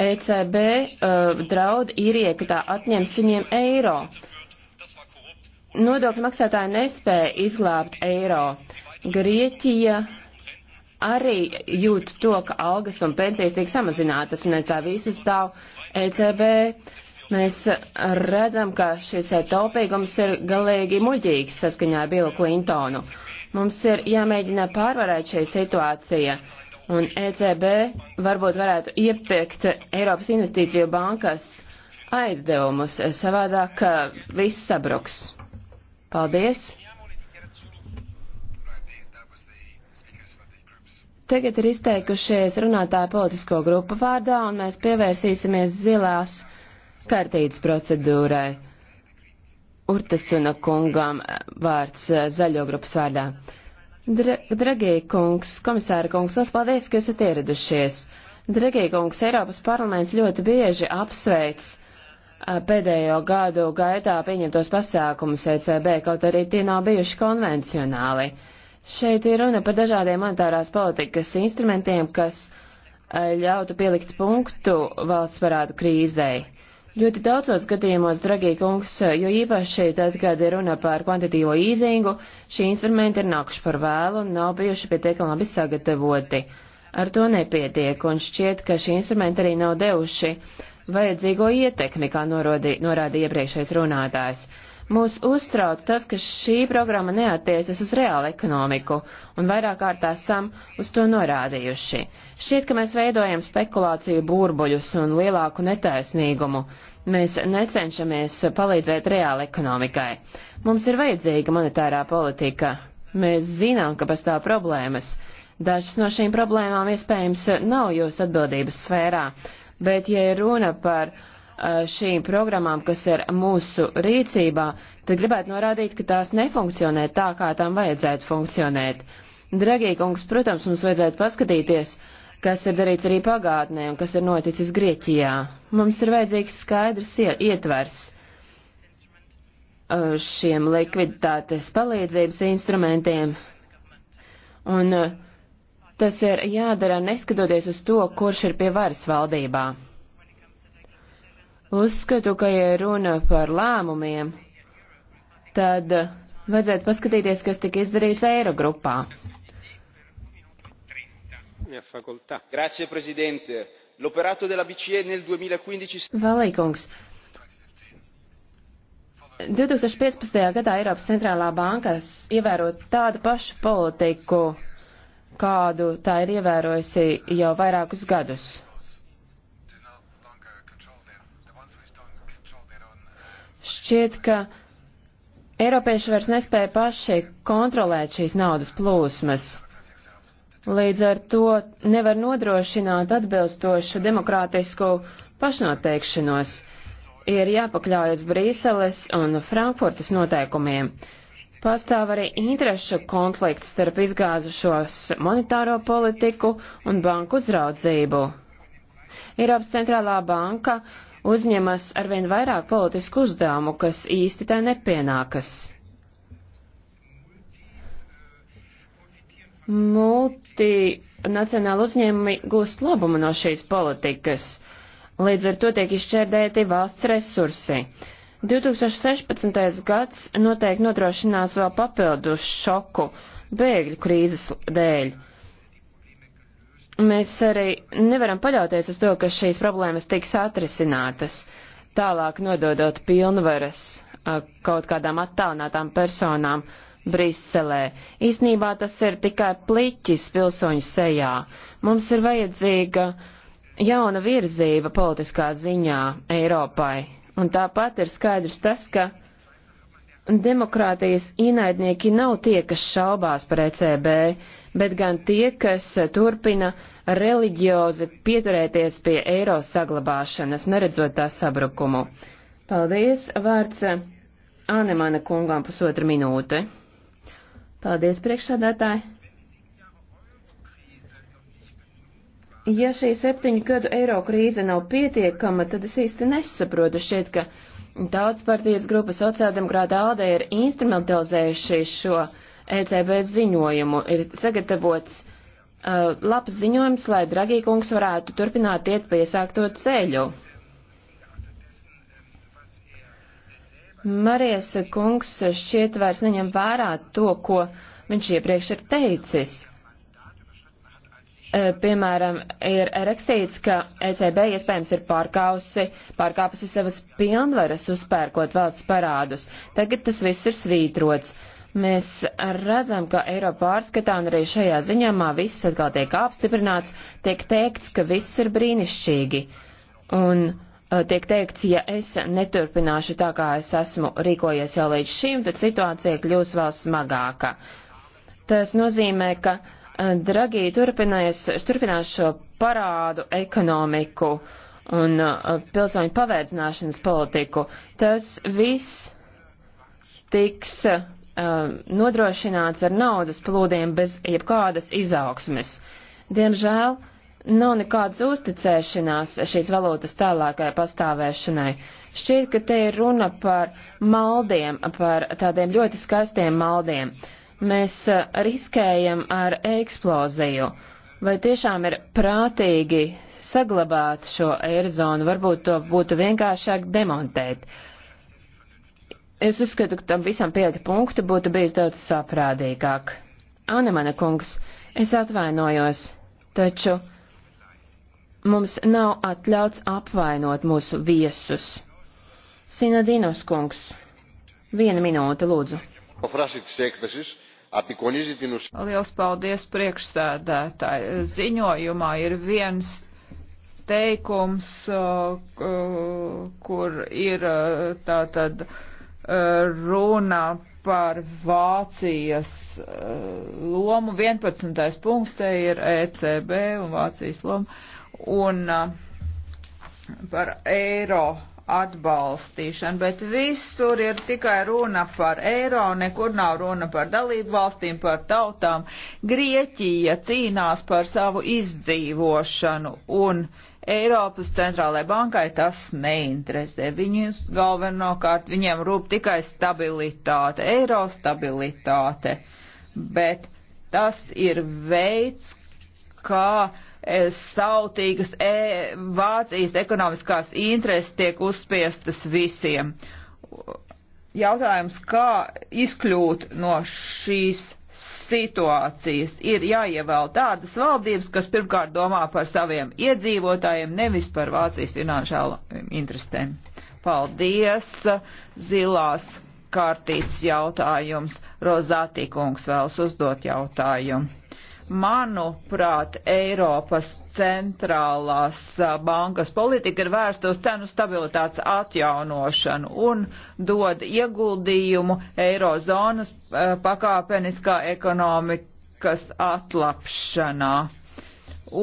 ECB uh, draud īrie, ka tā atņems viņiem eiro. Uh, Nodokļu maksātāji nespēja izglābt eiro. Grieķija arī jūt to, ka algas un pensijas tiek samazinātas, un aiz tā visas stāv ECB. Mēs redzam, ka šis taupīgums ir galīgi muļķīgs saskaņā ar Bilu Klintonu. Mums ir jāmēģina pārvarēt šī situācija, un ECB varbūt varētu iepirkt Eiropas investīciju bankas aizdevumus, savādāk viss sabruks. Paldies! Tagad ir izteikušies runātāja politisko grupu vārdā, un mēs pievērsīsimies zilās kartītes procedūrai. Urtasuna kungam vārds eh, zaļo grupas vārdā. Dra Dragie kungs, komisāra kungs, liels paldies, ka esat ieradušies. Dragie kungs, Eiropas parlaments ļoti bieži apsveic Eh, pēdējo gadu gaitā pieņemtos pasākumus ECB, kaut arī tie nav bijuši konvencionāli. Šeit ir runa par dažādiem monetārās politikas instrumentiem, kas eh, ļautu pielikt punktu valsts parādu krīzei. Ļoti daudzos gadījumos, dragī kungs, jo īpaši tad, kad ir runa par kvantitīvo īzingu, šī instrumenti ir nākuši par vēlu un nav bijuši pietiekami labi sagatavoti. Ar to nepietiek, un šķiet, ka šī instrumenti arī nav devuši vajadzīgo ietekmi, kā norodi, norādīja iepriekšējais runātājs. Mūs uztrauc tas, ka šī programma neatiecas uz reālu ekonomiku, un vairāk kārtā esam uz to norādījuši. Šķiet, ka mēs veidojam spekulāciju burbuļus un lielāku netaisnīgumu. Mēs necenšamies palīdzēt reāli ekonomikai. Mums ir vajadzīga monetārā politika. Mēs zinām, ka pastāv problēmas. Dažas no šīm problēmām iespējams nav jūsu atbildības sfērā, Bet, ja ir runa par uh, šīm programmām, kas ir mūsu rīcībā, tad gribētu norādīt, ka tās nefunkcionē tā, kā tām vajadzētu funkcionēt. Dragie kungs, protams, mums vajadzētu paskatīties, kas ir darīts arī pagātnē un kas ir noticis Grieķijā. Mums ir vajadzīgs skaidrs ietvers uh, šiem likviditātes palīdzības instrumentiem. Un uh, Tas ir jādara neskatoties uz to, kurš ir pie varas valdībā. Uzskatu, ka, ja runa par lēmumiem, tad vajadzētu paskatīties, kas tika izdarīts Eirogrupā. Grazie, prezidente. L'operato della BCE nel 2015. Valīkungs. 2015. gadā Eiropas centrālā bankas ievērot tādu pašu politiku kādu tā ir ievērojusi jau vairākus gadus. Šķiet, ka Eiropieši vairs nespēja paši kontrolēt šīs naudas plūsmas. Līdz ar to nevar nodrošināt atbilstošu demokrātisku pašnoteikšanos. Ir jāpakļaujas Brīseles un Frankfurtas noteikumiem. Pastāv arī interešu konflikts starp izgāzušos monetāro politiku un banku uzraudzību. Eiropas centrālā banka uzņemas arvien vairāk politisku uzdevumu, kas īsti tai nepienākas. Multinacionāli uzņēmumi gūst labumu no šīs politikas, līdz ar to tiek izšķērdēti valsts resursi. 2016. gads noteikti nodrošinās vēl papildus šoku bēgļu krīzes dēļ. Mēs arī nevaram paļauties uz to, ka šīs problēmas tiks atrisinātas, tālāk nododot pilnvaras kaut kādām attālinātām personām Briselē. Īsnībā tas ir tikai pliķis pilsoņu sejā. Mums ir vajadzīga jauna virzība politiskā ziņā Eiropai, Un tāpat ir skaidrs tas, ka demokrātijas ienaidnieki nav tie, kas šaubās par ECB, bet gan tie, kas turpina reliģiozi pieturēties pie eiro saglabāšanas, neredzot tā sabrukumu. Paldies, vārds Anemana kungām pusotra minūte. Paldies, priekšsādātāji! Ja šī septiņu gadu eiro krīze nav pietiekama, tad es īsti nesaprotu šeit, ka daudz partijas grupa sociāldemokrāta āda ir instrumentalizējuši šo ECB ziņojumu. Ir sagatavots uh, labs ziņojums, lai Dragīkungs varētu turpināt iet pa iesākto ceļu. Marijas kungs šķiet vairs neņem vērā to, ko viņš iepriekš ir teicis. E, piemēram, ir rakstīts, ka ECB iespējams ir pārkausi, pārkāpusi savas pilnvaras uzpērkot valsts parādus. Tagad tas viss ir svītrots. Mēs redzam, ka Eiropa pārskatā un arī šajā ziņāmā viss atkal tiek apstiprināts, tiek teikts, ka viss ir brīnišķīgi. Un e, tiek teikts, ja es neturpināšu tā, kā es esmu rīkojies jau līdz šim, tad situācija kļūs vēl smagāka. Tas nozīmē, ka uh, Dragī turpinās, turpinās šo parādu ekonomiku un uh, pilsoņu pavēdzināšanas politiku. Tas viss tiks uh, nodrošināts ar naudas plūdiem bez jebkādas izaugsmes. Diemžēl nav nekādas uzticēšanās šīs valūtas tālākai pastāvēšanai. Šķiet, ka te ir runa par maldiem, par tādiem ļoti skaistiem maldiem. Uh, mēs eh, riskējam ar eksploziju. Vai tiešām ir prātīgi saglabāt šo eirozonu? Varbūt to būtu vienkāršāk demontēt. Es uzskatu, ka tam visam pielikt punktu būtu bijis daudz saprādīgāk. Anemana kungs, es atvainojos, taču mums nav atļauts apvainot mūsu viesus. Sinadinos kungs, viena minūte, lūdzu. Frasi της έκθεσης απεικονίζει την ουσία. Liels paldies priekšsēdētāji. Ziņojumā ir viens teikums, kur ir tātad runa par Vācijas lomu. 11. punkts te ir ECB un Vācijas loma. Un par eiro atbalstīšanu, bet visur ir tikai runa par eiro, nekur nav runa par dalību valstīm, par tautām. Grieķija cīnās par savu izdzīvošanu un Eiropas centrālajai bankai tas neinteresē. Viņus galvenokārt viņiem rūp tikai stabilitāte, eiro stabilitāte, bet tas ir veids, kā uh, sautīgas e, Vācijas ekonomiskās intereses tiek uzspiestas visiem. Jautājums, kā izkļūt no šīs situācijas, ir jāievēl tādas valdības, kas pirmkārt domā par saviem iedzīvotājiem, nevis par Vācijas finanšālām interesēm. Paldies! Zilās kārtīts jautājums. Rozātīkungs vēlas uzdot jautājumu. Manuprāt, Eiropas centrālās bankas politika ir vērsta uz cenu stabilitātes atjaunošanu un dod ieguldījumu eirozonas pakāpeniskā ekonomikas atlapšanā.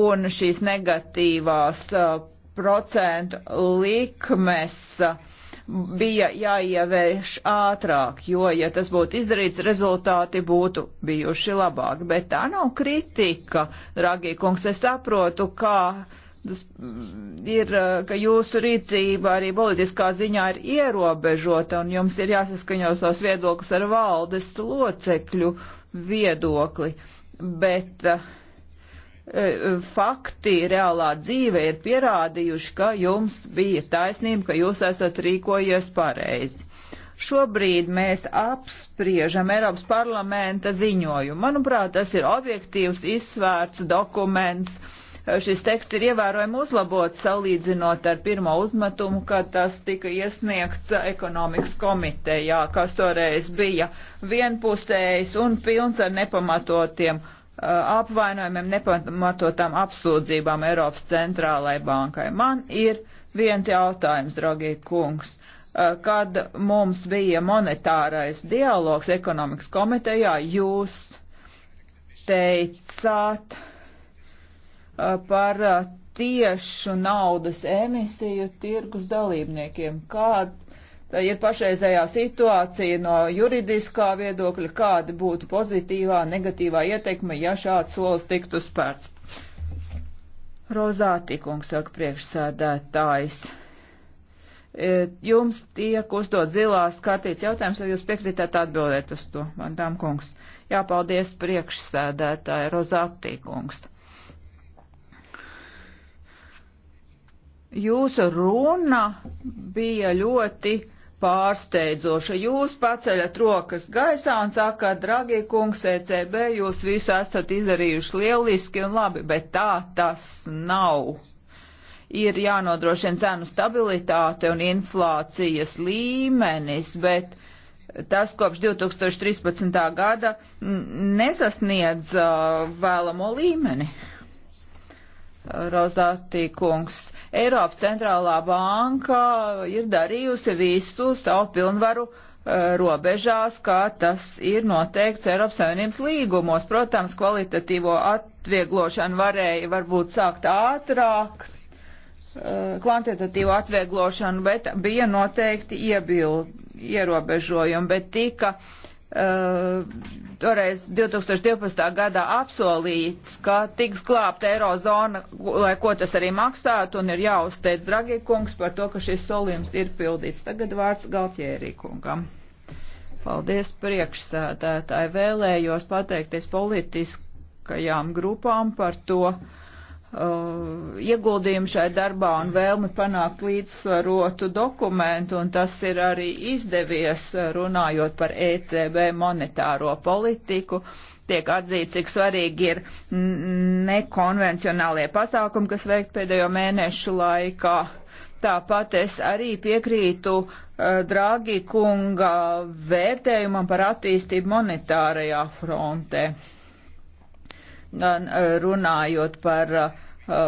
Un šīs negatīvās procentu likmes uh, bija jāievērš ātrāk, jo, ja tas būtu izdarīts, rezultāti būtu bijuši labāki. Bet tā nav kritika, dragī kungs, es saprotu, kā tas mm, ir, ka jūsu rīcība arī politiskā ziņā ir ierobežota un jums ir jāsaskaņo savus viedokļus ar valdes locekļu viedokli. Bet uh, E, fakti reālā dzīve ir pierādījuši, ka jums bija taisnība, ka jūs esat rīkojies pareizi. Šobrīd mēs apspriežam Eiropas parlamenta ziņojumu. Manuprāt, tas ir objektīvs, izsvērts dokuments. E, šis teksts ir ievērojami uzlabots salīdzinot ar pirmo uzmetumu, kad tas tika iesniegts ekonomikas komitejā, kas toreiz bija vienpusējs un pilns ar nepamatotiem Uh, apvainojumiem, nepamatotām apsūdzībām Eiropas centrālai bankai. Man ir viens jautājums, dragie kungs. Uh, kad mums bija monetārais dialogs ekonomikas komitejā, jūs teicāt uh, par tiešu naudas emisiju tirgus dalībniekiem. Kā ir pašreizējā situācija no juridiskā viedokļa, kāda būtu pozitīvā, negatīvā ietekme, ja šāds solis tiktu spērts. Rozāti, kungs, saka priekšsēdētājs. E, jums tiek uzdot zilās kartītes jautājums, vai jūs piekrītat atbildēt uz to, man dām kungs. Jā, paldies priekšsēdētāji, Rozāti, kungs. jūsu runa bija ļoti pārsteidzoša. Jūs paceļat rokas gaisā un sakāt, dragie kungs, ECB, jūs visu esat izdarījuši lieliski un labi, bet tā tas nav. Ir jānodrošina cenu stabilitāte un inflācijas līmenis, bet tas kopš 2013. gada nesasniedz uh, vēlamo līmeni. Rozātī kungs Eiropas centrālā banka ir darījusi visu savu pilnvaru eh, robežās, kā tas ir noteikts Eiropas Savienības līgumos. Protams, kvalitatīvo atvieglošanu varēja varbūt sākt ātrāk, eh, kvantitatīvo atvieglošanu, bet bija noteikti iebil, ierobežojumi, bet tika uh, Uh, toreiz 2012. gadā apsolīts, ka tiks glābta eirozona, lai ko tas arī maksātu, un ir jāuzteic Dragi kungs par to, ka šis solījums ir pildīts. Tagad vārds Galtjērī kungam. Paldies priekšsēdētāji. Vēlējos pateikties politiskajām grupām par to, uh, Uh, ieguldījumu šai darbā un vēlmi panākt līdzsvarotu dokumentu, un tas ir arī izdevies uh, runājot par ECB monetāro politiku. Tiek atzīts, cik svarīgi ir nekonvencionālie pasākumi, kas veikt pēdējo mēnešu laikā. Tāpat es arī piekrītu uh, Dragi kunga vērtējumam par attīstību monetārajā frontē. Uh, gan eh, runājot par eh,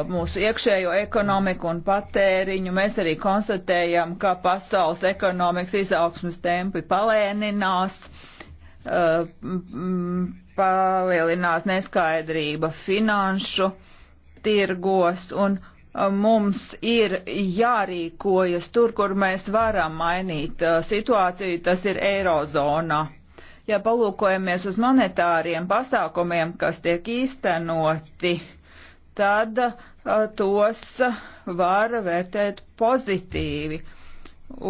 mūsu iekšējo ekonomiku un patēriņu, mēs arī konstatējam, ka pasaules ekonomikas izaugsmas tempi palēninās, eh, palielinās neskaidrība finanšu tirgos un mums ir jārīkojas tur, kur mēs varam mainīt situāciju, tas ir Eirozonā Ja palūkojamies uz monetāriem pasākumiem, kas tiek īstenoti, tad tos var vērtēt pozitīvi.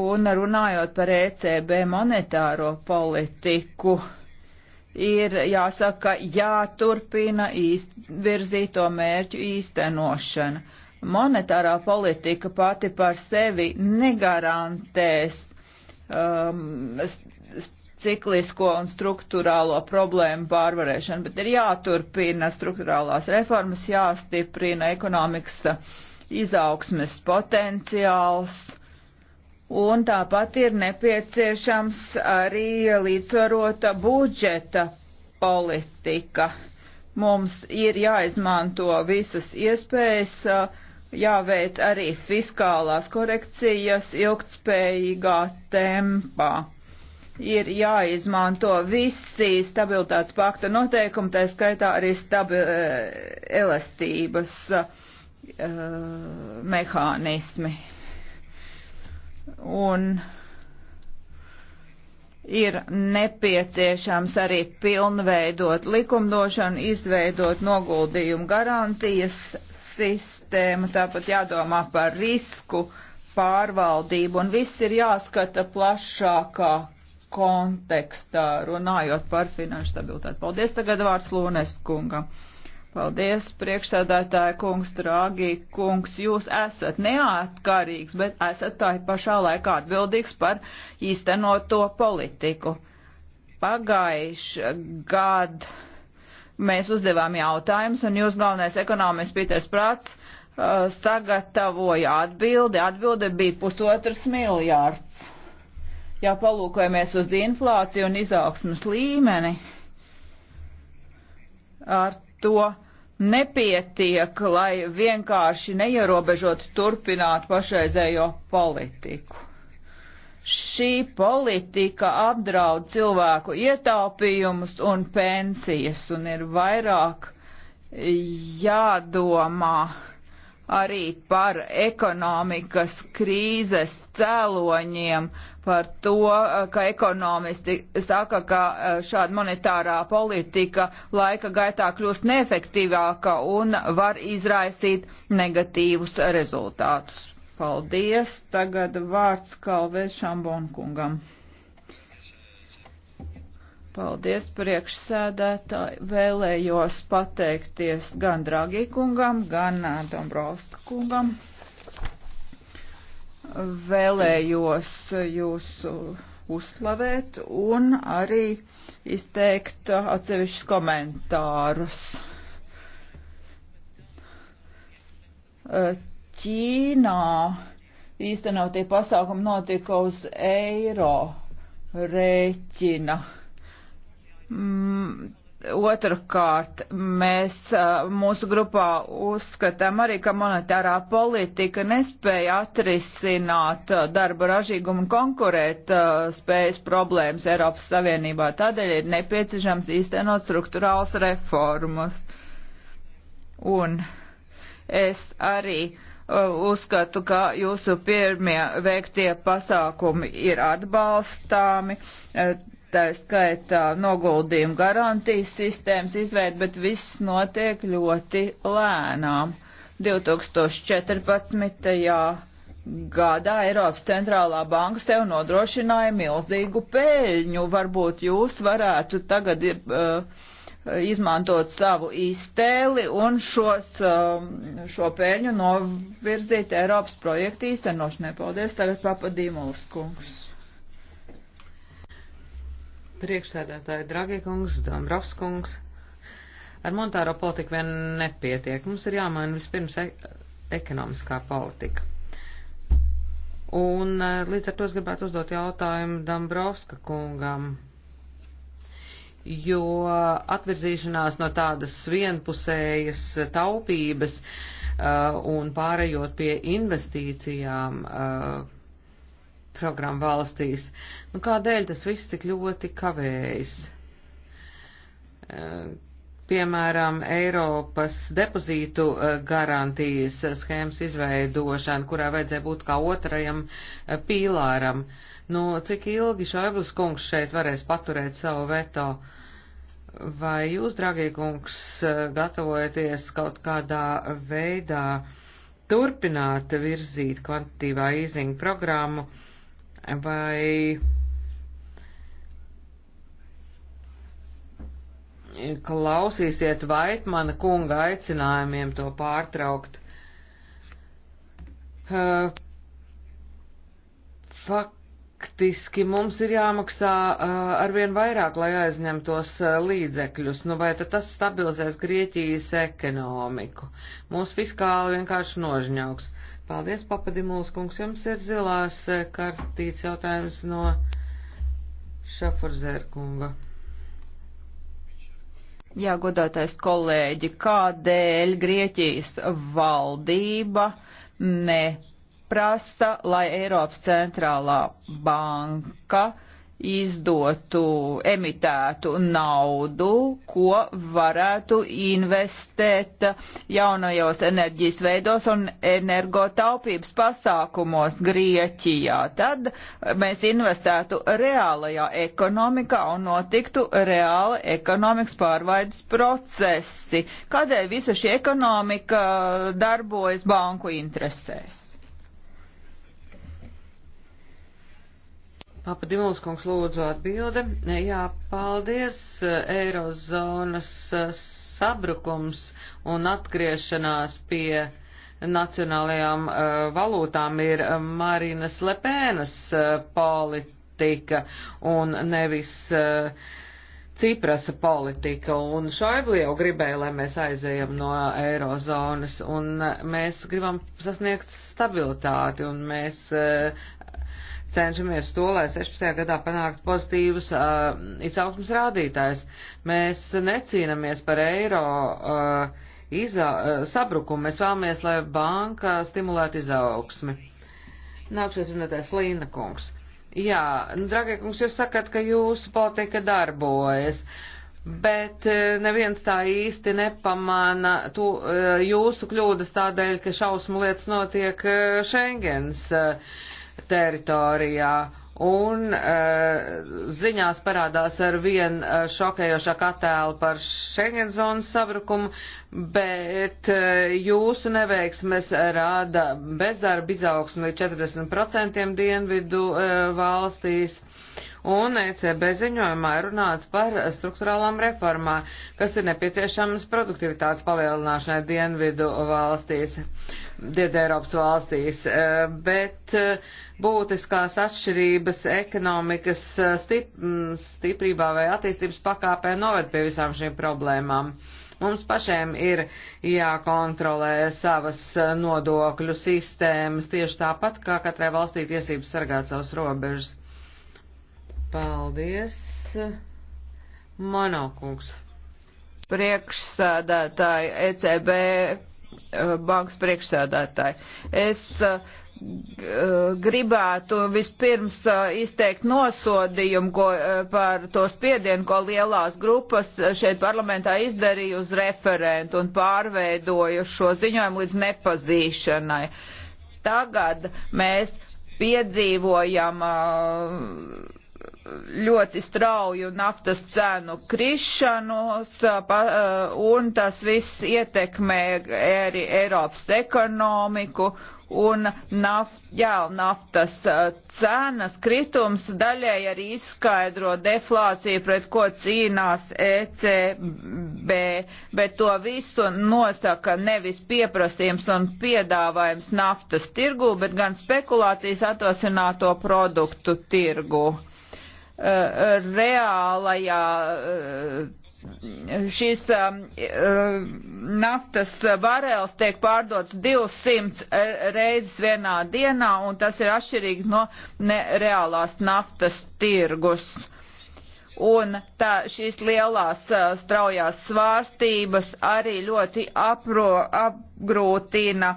Un runājot par ECB monetāro politiku, ir jāsaka jāturpina īst, virzīto mērķu īstenošana. Monetārā politika pati par sevi negarantēs um, st ciklisko un struktūrālo problēmu pārvarēšanu, bet ir jāturpina struktūrālās reformas, jāstiprina ekonomikas izaugsmes potenciāls, un tāpat ir nepieciešams arī līdzsvarota budžeta politika. Mums ir jāizmanto visas iespējas uh, jāveic arī fiskālās korekcijas ilgtspējīgā tempā ir jāizmanto visi stabilitātes pakta noteikumi, tā skaitā arī stabi, eh, elastības uh, mehānismi. Un ir nepieciešams arī pilnveidot likumdošanu, izveidot noguldījumu garantijas sistēmu, tāpat jādomā par risku pārvaldību, un viss ir jāskata plašākā kontekstā, runājot par finanšu stabilitāti. Paldies tagad vārds Lūnes kungam. Paldies, priekšsēdētāja kungs, trāgī kungs, jūs esat neatkarīgs, bet esat tā pašā laikā atbildīgs par īstenoto politiku. Pagājuši gadu mēs uzdevām jautājumus, un jūs galvenais ekonomists Pīters Prāts uh, sagatavoja atbildi. Atbilde bija pusotrs miljārds ja palūkojamies uz inflāciju un izaugsmas līmeni, ar to nepietiek, lai vienkārši neierobežot turpināt pašreizējo politiku. Šī politika apdraud cilvēku ietaupījumus un pensijas un ir vairāk jādomā arī par ekonomikas krīzes cēloņiem, par to, eh, ka ekonomisti saka, ka eh, šāda monetārā politika laika gaitā kļūst neefektīvāka un var izraisīt negatīvus rezultātus. Paldies. Tagad vārds Kalvēs Šambonkungam. Paldies priekšsēdētāji. Vēlējos pateikties gan Dragī kungam, gan Dombrovska kungam vēlējos jūsu uzslavēt un arī izteikt atsevišķus komentārus. Ķīnā īstenotie pasākumi notika uz eiro rēķina. Mm Otrakārt, mēs mūsu grupā uzskatām arī, ka monetārā politika nespēja atrisināt darba ražīgumu un konkurēt spējas problēmas Eiropas Savienībā. Tādēļ ir nepieciešams īstenot struktūrāls reformas. Un es arī uzskatu, ka jūsu pirmie veiktie pasākumi ir atbalstāmi tā skaitā noguldījumu garantijas sistēmas izveid, bet viss notiek ļoti lēnām. 2014. gadā Eiropas centrālā banka sev nodrošināja milzīgu pēļņu. Varbūt jūs varētu tagad uh, izmantot savu iztēli un šos, uh, šo pēļņu novirzīt Eiropas projektu īstenošanai. Paldies, tagad papadīmulis kungs. Priekšsēdētāji, dragie kungs, Dombrovs kungs, ar monetāro politiku vien nepietiek. Mums ir jāmaina vispirms e ekonomiskā politika. Un e, līdz ar to es gribētu uzdot jautājumu Dambrovska kungam, jo atvirzīšanās no tādas vienpusējas taupības uh, un pārējot pie investīcijām uh, programmu valstīs. Nu, kādēļ tas viss tik ļoti kavējas? Eh, piemēram, Eiropas depozītu eh, garantijas eh, schēmas izveidošana, kurā vajadzēja būt kā otrajam pīlāram. Nu, cik ilgi Šoiblis kungs šeit varēs paturēt savu veto? Vai jūs, dragie kungs, gatavojaties kaut kādā veidā turpināt virzīt kvantitīvā īzinga programmu? vai klausīsiet Vaitmana kunga aicinājumiem to pārtraukt. Uh, faktiski mums ir jāmaksā uh, arvien vairāk, lai aizņemtos uh, līdzekļus. Nu, vai tad tas stabilizēs Grieķijas ekonomiku? Mūsu fiskāli vienkārši nožņauks. Paldies, papadimulis kungs. Jums ir zilās eh, kartīts jautājums no Šafurzērkunga. Jā, godātais kolēģi, kādēļ Grieķijas valdība neprasa, lai Eiropas centrālā banka izdotu, emitētu naudu, ko varētu investēt jaunajos enerģijas veidos un energotaupības pasākumos Grieķijā. Tad mēs investētu reālajā ekonomikā un notiktu reāla ekonomikas pārvaidas procesi. Kādēļ visa šī ekonomika darbojas banku interesēs? Papa Dimulskungs lūdzu atbildi. Jā, paldies. Eirozonas sabrukums un atgriešanās pie nacionālajām eh, valūtām ir Marinas Lepēnas eh, politika un nevis eh, Ciprasa politika, un Šaibli jau gribēja, lai mēs aizējam no eirozonas, un mēs gribam sasniegt stabilitāti, un mēs cenšamies to, lai 16. gadā panākt pozitīvus uh, izaugsmas rādītājs. Mēs necīnamies par eiro uh, izā, uh, sabrukumu, mēs vēlamies, lai banka stimulētu izaugsmi. Nākšais runātājs Līna kungs. Jā, nu, dragie kungs, jūs sakat, ka jūsu politika darbojas. Bet uh, neviens tā īsti nepamana tu, uh, jūsu kļūdas tādēļ, ka šausmu lietas notiek uh, Schengens uh, teritorijā. Un e, ziņās parādās ar vien eh, šokējošāk attēlu par Schengen zonas sabrukumu, bet e, jūsu neveiksmes rāda bezdarba izaugsmu līdz 40% dienvidu e, valstīs. E, un ECB ziņojumā ir runāts par struktūrālām reformām, kas ir nepieciešamas produktivitātes palielināšanai dienvidu valstīs, dienvidu Eiropas valstīs, e, bet e, būtiskās atšķirības ekonomikas e, stip, stiprībā vai attīstības pakāpē noved pie visām šīm problēmām. Mums pašiem ir jākontrolē savas nodokļu sistēmas tieši tāpat, kā katrai valstī tiesības sargāt savas robežas. Paldies, Manokungs. Priekšsēdētāji, ECB eh, bankas priekšsēdētāji. Es eh, eh, gribētu vispirms izteikt nosodījumu ko, par to spiedienu, ko lielās grupas šeit parlamentā izdarīja uz referentu un pārveidoja šo ziņojumu līdz nepazīšanai. Tagad mēs piedzīvojam uh, ļoti strauju naftas cenu krišanos, un tas viss ietekmē arī Eiropas ekonomiku, un naft, jā, naftas cenas kritums daļai arī izskaidro deflāciju, pret ko cīnās ECB, bet to visu nosaka nevis pieprasījums un piedāvājums naftas tirgu, bet gan spekulācijas atvasināto produktu tirgu. Uh, reālajā uh, šis um, uh, naftas barels tiek pārdots 200 reizes vienā dienā, un tas ir atšķirīgi no reālās naftas tirgus. Un tā šīs lielās straujās svārstības arī ļoti apro, apgrūtina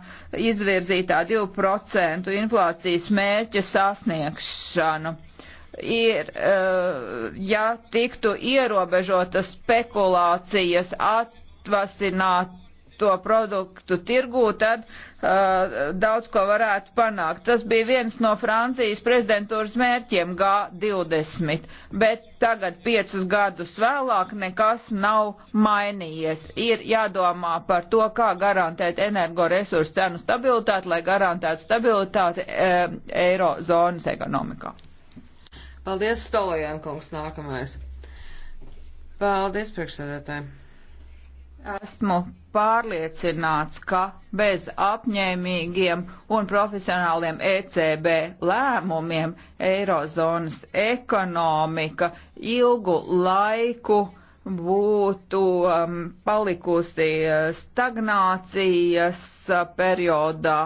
izvirzītā 2% inflācijas mērķa sasniegšanu ir, eh, ja tiktu ierobežotas spekulācijas atvasināt to produktu tirgū, tad uh, daudz ko varētu panākt. Tas bija viens no Francijas prezidentūras mērķiem G20, bet tagad piecus gadus vēlāk nekas nav mainījies. Ir jādomā par to, kā garantēt energoresursu cenu stabilitāti, lai garantētu stabilitāti e, eirozonas ekonomikā. Paldies, Stolojankungs, nākamais. Paldies, priekšsēdētāji. Esmu pārliecināts, ka bez apņēmīgiem un profesionāliem ECB lēmumiem Eirozonas ekonomika ilgu laiku būtu um, palikusi uh, stagnācijas uh, periodā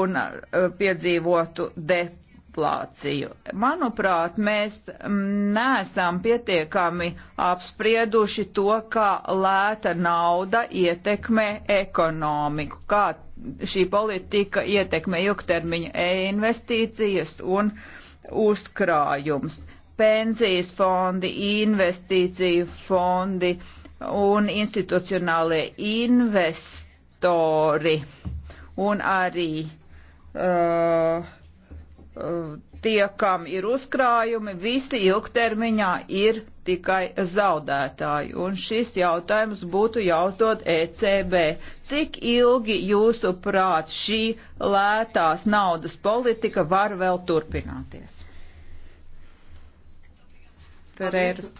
un uh, piedzīvotu depresiju inflāciju. Manuprāt, mēs mm, neesam pietiekami apsprieduši to, kā lēta nauda ietekmē ekonomiku, kā šī politika ietekmē ilgtermiņa e investīcijas un uzkrājums. Pensijas fondi, investīciju fondi un institucionālie investori un arī uh, Eh, tie, kam ir uzkrājumi, visi ilgtermiņā ir tikai zaudētāji. Un šis jautājums būtu jāuzdod ECB. Cik ilgi jūsu prāt šī lētās naudas politika var vēl turpināties? Ferēras.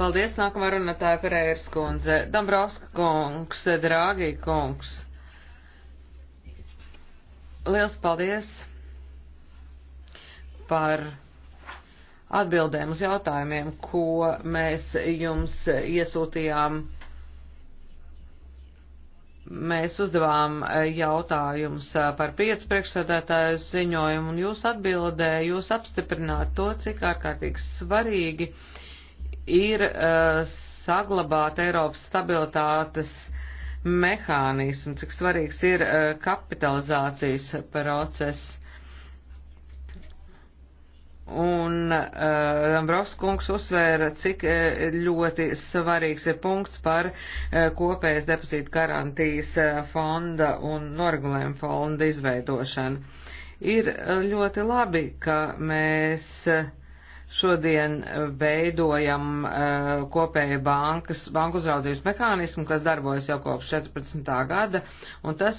Paldies, nākamā runātāja Ferēras kundze. Dombrovska kungs, Drāgī kungs. Liels paldies! par atbildēm uz jautājumiem, ko mēs jums iesūtījām. Mēs uzdevām jautājumus par piec priekšsēdētāju ziņojumu, un jūs atbildē, jūs apstiprināt to, cik ārkārtīgi svarīgi ir uh, saglabāt Eiropas stabilitātes mehānismu, cik svarīgs ir uh, kapitalizācijas process Un uh, eh, Dombrovs kungs uzsvēra, cik uh, ļoti svarīgs ir punkts par uh, kopējas depozīta garantijas uh, fonda un noregulējuma fonda izveidošanu. Ir uh, ļoti labi, ka mēs uh, šodien veidojam uh, kopēju bankas, banku uzraudzības mehānismu, kas darbojas jau kopš 14. gada, un tas,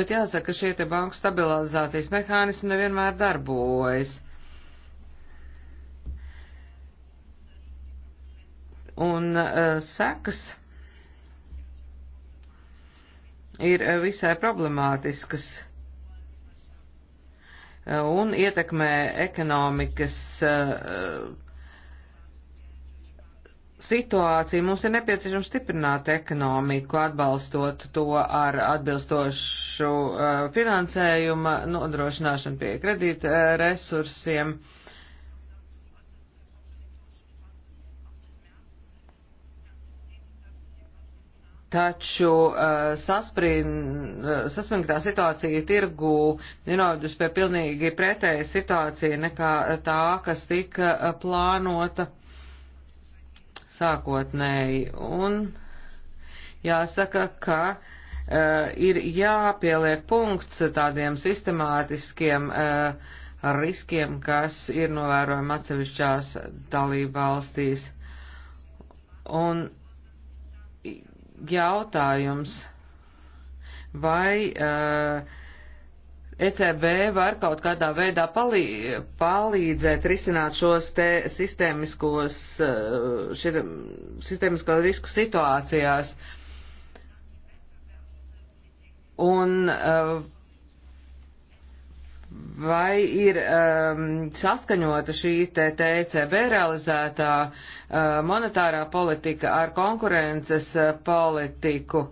bet jāsaka, ka šie te banku stabilizācijas mehānismi nevienmēr darbojas. Uh, Un uh, sekas ir eh, visai problemātiskas eh, un ietekmē ekonomikas uh, situāciju. Mums ir nepieciešams stiprināt ekonomiku, atbalstot to ar atbilstošu uh, finansējumu, nodrošināšanu pie kredīta resursiem. Uh, Taču uh, sasprin, uh, eh, saspringtā situācija tirgu vienodus pie pilnīgi pretēja situācija nekā tā, kas tika eh, plānota sākotnēji. Un jāsaka, ka uh, ir jāpieliek punkts tādiem sistemātiskiem uh, riskiem, kas ir novērojami atsevišķās dalību valstīs. Un jautājums, vai uh, eh, ECB var kaut kādā veidā palī, palīdzēt risināt šos te sistēmiskos, uh, šir, sistēmisko risku situācijās. Un uh, vai ir um, saskaņota šī te TCB realizētā uh, monetārā politika ar konkurences uh, politiku,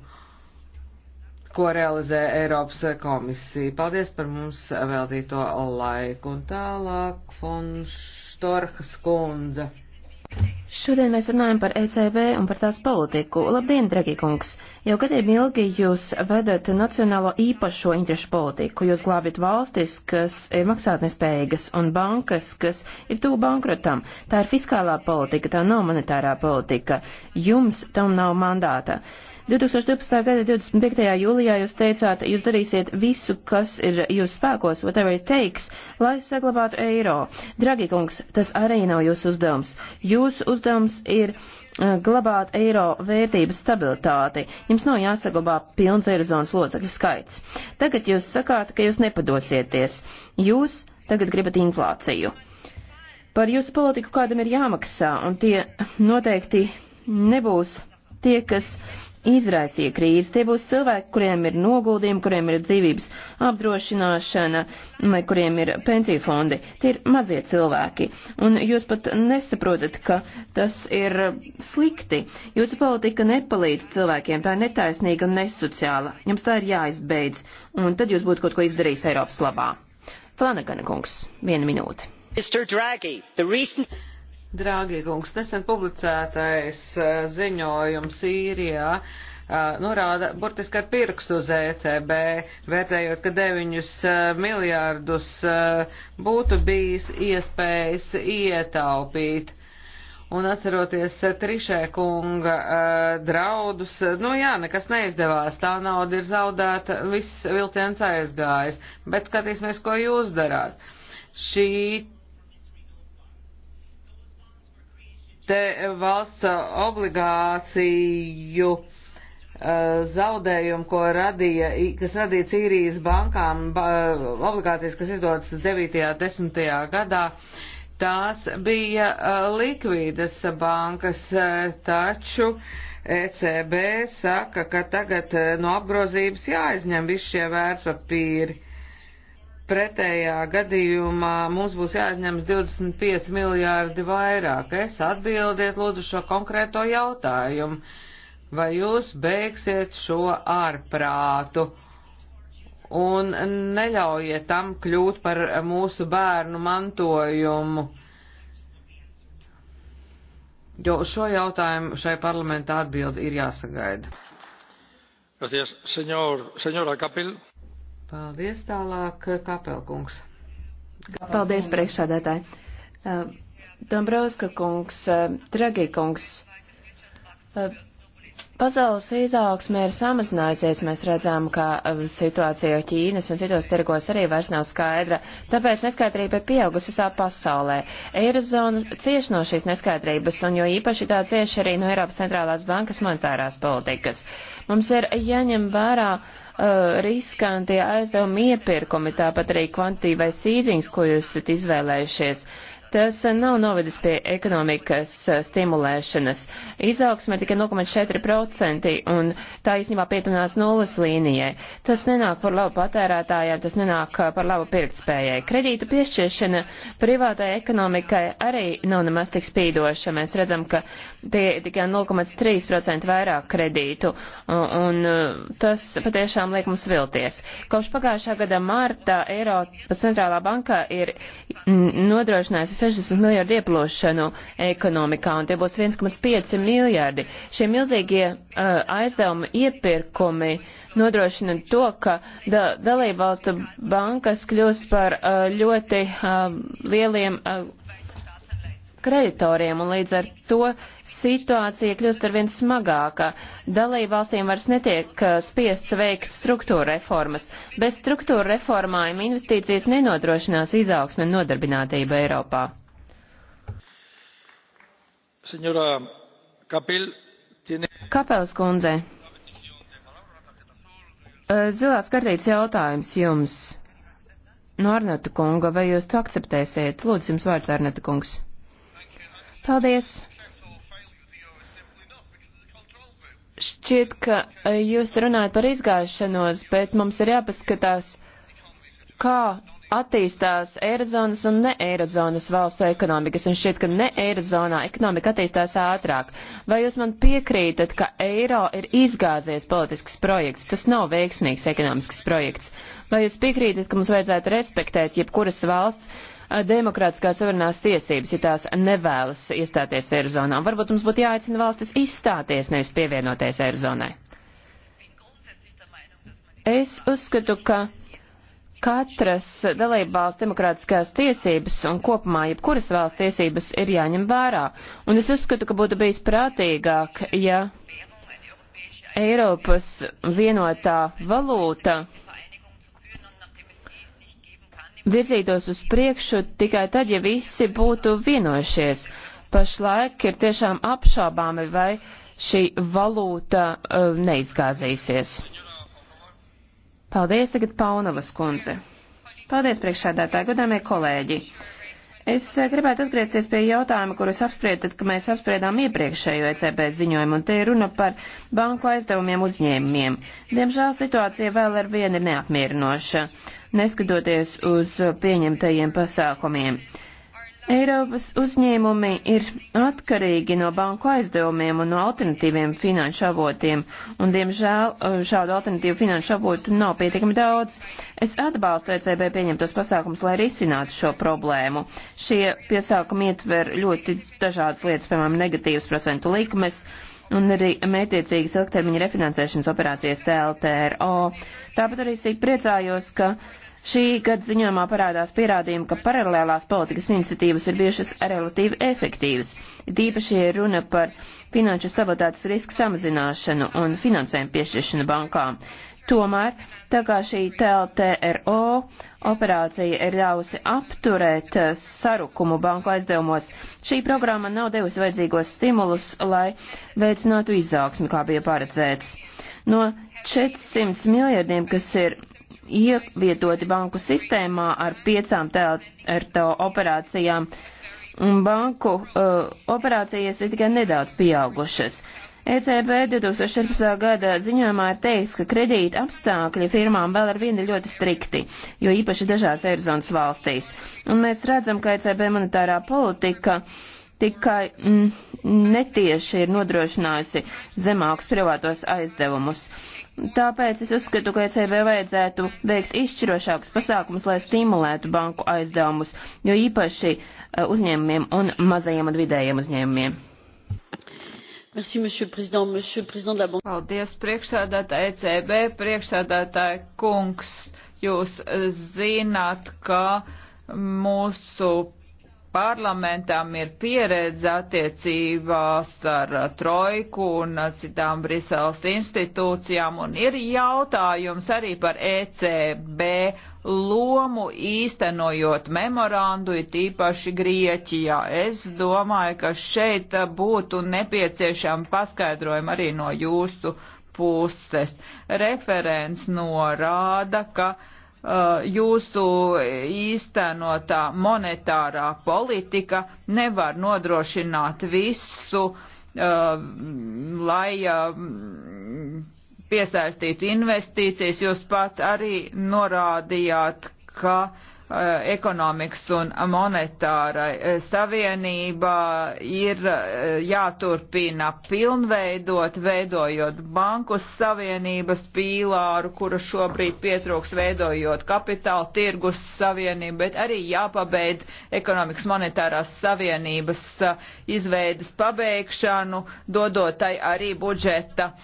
ko realizē Eiropas uh, komisija. Paldies par mums veltīto laiku. Un tālāk, Fonštorhas kundze. Šodien mēs runājam par ECB un par tās politiku. Labdien, dragi kungs! Jau gadiem ilgi jūs vedat nacionālo īpašo interešu politiku. Jūs glābjat valstis, kas ir maksātnespējīgas, un bankas, kas ir tuvu bankrotam. Tā ir fiskālā politika, tā nav monetārā politika. Jums tam nav mandāta. Uh, 2012. gada 25. jūlijā jūs teicāt, jūs darīsiet visu, kas ir jūsu spēkos, whatever it takes, lai saglabātu eiro. Dragi kungs, tas arī nav jūsu uzdevums. Jūsu uzdevums ir uh, glabāt eiro vērtības stabilitāti. Jums nav jāsaglabā pilns eirozonas locekļu skaits. Tagad jūs sakāt, ka jūs nepadosieties. Jūs tagad gribat inflāciju. Par jūsu politiku kādam ir jāmaksā, un tie noteikti nebūs tie, kas izraisīja krīzi. Tie būs cilvēki, kuriem ir noguldījumi, kuriem ir dzīvības apdrošināšana vai kuriem ir pensiju fondi. Tie ir mazie cilvēki. Un jūs pat nesaprotat, ka tas ir slikti. Jūsu politika nepalīdz cilvēkiem. Tā ir netaisnīga un nesociāla. Jums tā ir jāizbeidz. Un tad jūs būtu kaut ko izdarījis Eiropas labā. Flanagana kungs, viena minūte. Mr. Draghi, the recent... Drāgie kungs, nesen publicētais eh, ziņojums Sīrijā eh, norāda burtiski ar pirkstu uz ECB, vērtējot, ka 9 eh, miljārdus būtu bijis iespējas ietaupīt. Un atceroties Trišē kunga draudus, nu jā, nekas neizdevās, tā nauda ir zaudēta, viss vilciens aizgājis, bet skatīsimies, ko jūs darāt. Šī te valsts obligāciju eh, zaudējumu, ko radīja, kas radīja Sīrijas bankām, obligācijas, kas izdodas 9. un 10. gadā, tās bija eh, likvīdas bankas, eh, taču ECB saka, ka tagad no apgrozības jāizņem visi šie vērtspapīri. Pretējā gadījumā mums būs jāizņemas 25 miljārdi vairāk. Es atbildiet lūdzu šo konkrēto jautājumu. Vai jūs beigsiet šo ārprātu un neļaujiet tam kļūt par mūsu bērnu mantojumu? Jo šo jautājumu šai parlamentā atbildi ir jāsagaida. Gracias, señor, señora Kapil. Paldies tālāk, Kapelkungs. Paldies, priekšsādētāji. Eh, Dombrovska kungs, Tragikungs. Eh, eh, Pasaules izaugsme ir samazinājusies, mēs redzam, ka situācija Ķīnas un citos tirgos arī vairs nav skaidra, tāpēc neskaidrība ir pieaugusi visā pasaulē. Eirozona cieš no šīs neskaidrības, un jo īpaši tā cieš arī no Eiropas centrālās bankas monetārās politikas. Mums ir jāņem vērā uh, uh, riskantie aizdevumi iepirkumi, tāpat arī kvantitīvais īziņas, ko jūs esat izvēlējušies. Tas nav novedis pie ekonomikas eh, stimulēšanas. Izaugsme tikai 0,4% un tā īstenībā pietunās nulles līnijai. Tas nenāk par labu patērētājiem, tas nenāk eh, par labu pirktspējai. Kredītu piešķiršana privātai ekonomikai arī nav nemaz tik spīdoša. Mēs redzam, ka tie tikai 0,3% vairāk kredītu un, un eh, tas patiešām liek mums vilties. Kopš pagājušā gada marta Eiropas centrālā banka ir nodrošinājusi 60 miljardu ieplošanu ekonomikā, un tie būs 1,5 miljardi. Šie milzīgie uh, aizdevumi iepirkumi nodrošina to, ka da dalībvalstu bankas kļūst par uh, ļoti uh, lieliem. Uh, kreditoriem, un līdz ar to situācija kļūst arvien smagāka. Dalībvalstīm vairs netiek spiests veikt struktūra reformas. Bez struktūra reformām investīcijas nenodrošinās izaugsme un nodarbinātība Eiropā. Senora Kapil, tiene... Kapels kundze, zilās kartītes jautājums jums. No Arnata kunga, vai jūs to akceptēsiet? Lūdzu, jums vārds Arnata kungs. Paldies! Šķiet, ka eh, jūs runājat par izgāšanos, bet mums ir jāpaskatās, kā attīstās Eirozonas un ne Eirozonas valstu ekonomikas, un šķiet, ka ne Eirozonā ekonomika attīstās ātrāk. Vai jūs man piekrītat, ka eiro ir izgāzies politisks projekts, tas nav veiksmīgs ekonomisks projekts? Vai jūs piekrītat, ka mums vajadzētu respektēt jebkuras valsts, demokrātiskās suverenās tiesības, ja tās nevēlas iestāties Eirozonā. Varbūt mums būtu jāaicina valstis izstāties, nevis pievienoties Eirozonai. Es uzskatu, ka katras dalībvalsts demokrātiskās tiesības un kopumā jebkuras valsts tiesības ir jāņem vērā. Un es uzskatu, ka būtu bijis prātīgāk, ja Eiropas vienotā valūta virzītos uz priekšu tikai tad, ja visi būtu vienojušies. Pašlaik ir tiešām apšābāmi, vai šī valūta uh, neizgāzīsies. Paldies tagad Paunovas kundze. Paldies priekšsēdētāji, godāmie kolēģi. Es uh, gribētu atgriezties pie jautājuma, kurus apspriedu, tad, kad mēs apspriedām iepriekšējo ECB ziņojumu, un te ir runa par banku aizdevumiem uzņēmumiem. Diemžēl situācija vēl ar vienu ir neapmierinoša. Uh, neskatoties uz pieņemtajiem pasākumiem. Eiropas uzņēmumi ir atkarīgi no banku aizdevumiem un no alternatīviem finanšu avotiem, un, diemžēl, šādu alternatīvu finanšu avotu nav pietiekami daudz. Es atbalstu ECB pieņemtos pasākums, lai risinātu šo problēmu. Šie piesākumi ietver ļoti dažādas lietas, piemēram, negatīvas procentu likmes un arī mētiecīgas ilgtermiņa refinansēšanas operācijas TLTRO. Tāpat arī sīk priecājos, ka Šī gada ziņojumā parādās pierādījumi, ka paralēlās politikas iniciatīvas ir bijušas relatīvi efektīvas. Tīpaši ir runa par finanšu sabotātas risku samazināšanu un finansējumu piešķiršanu bankām. Tomēr, tā kā šī TLTRO operācija ir ļāvusi apturēt eh, sarukumu banku aizdevumos, šī programma nav devusi vajadzīgos stimulus, lai veicinātu izaugsmi, kā bija paredzēts. No 400 miljardiem, kas ir ievietoti banku sistēmā ar piecām TLTO operācijām, un banku uh, operācijas ir tikai nedaudz pieaugušas. ECB 2014. gada ziņojumā ir teiks, ka kredīta apstākļi firmām vēl ar vienu ir ļoti strikti, jo īpaši dažās Eirozonas valstīs. Un mēs redzam, ka ECB monetārā politika tikai mm, netieši ir nodrošinājusi zemākus privātos aizdevumus. Uh, Tāpēc es uzskatu, ka ECB vajadzētu veikt izšķirošākus pasākumus, lai stimulētu banku aizdevumus, jo īpaši eh, uzņēmumiem un mazajiem un vidējiem uzņēmumiem. Merci, monsieur le président. Monsieur le président de la banque. Paldies, priekšsēdētāji ECB, priekšsēdētāji kungs. Jūs zināt, ka mūsu parlamentam ir pieredze attiecībās ar uh, Trojku un uh, citām Briseles institūcijām, un ir jautājums arī par ECB lomu īstenojot memorandu, ir tīpaši Grieķijā. Es domāju, ka šeit uh, būtu nepieciešama paskaidrojuma arī no jūsu puses. Referents norāda, ka uh, Uh, jūsu īstenotā monetārā politika nevar nodrošināt visu, uh, lai uh, piesaistītu investīcijas. Jūs pats arī norādījāt, ka uh, Eh, ekonomikas un monetārai eh, savienībā ir eh, jāturpina pilnveidot, veidojot banku savienības pīlāru, kura šobrīd pietrūks, veidojot kapitāla tirgus savienību, bet arī jāpabeidz ekonomikas monetārās savienības izveidas pabeigšanu, dodot tai arī budžeta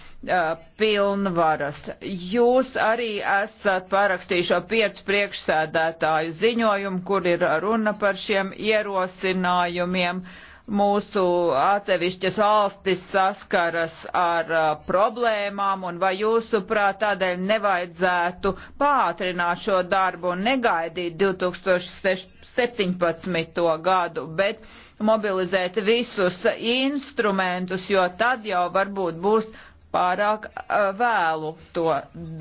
pilnvaras. Jūs arī esat parakstījušo piecu priekšsēdētāju ziņojumu, kur ir runa par šiem ierosinājumiem. Mūsu atsevišķas valstis saskaras ar uh, problēmām, un vai jūsuprāt tādēļ nevajadzētu pātrināt šo darbu un negaidīt 2017. gadu, bet mobilizēt visus instrumentus, jo tad jau varbūt būs pārāk eh, vēlu to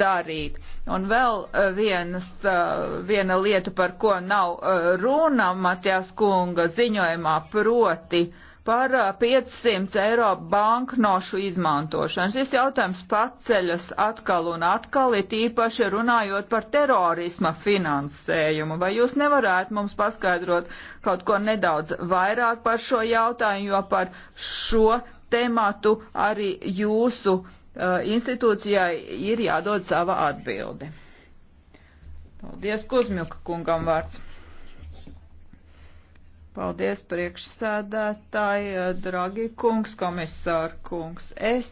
darīt. Un vēl eh, vienas, eh, viena lieta, par ko nav runa Matijas kunga ziņojumā, proti par 500 eiro banknošu izmantošanu. Šis jautājums paceļas atkal un atkal, it īpaši runājot par terorisma finansējumu. Vai jūs nevarētu mums paskaidrot kaut ko nedaudz vairāk par šo jautājumu, jo par šo tematu, arī jūsu uh, institūcijai ir jādod sava atbilde. Paldies Kuzmjuka kungam vārds. Paldies priekšsēdētāji, eh, dragi kungs, komisāra kungs. Es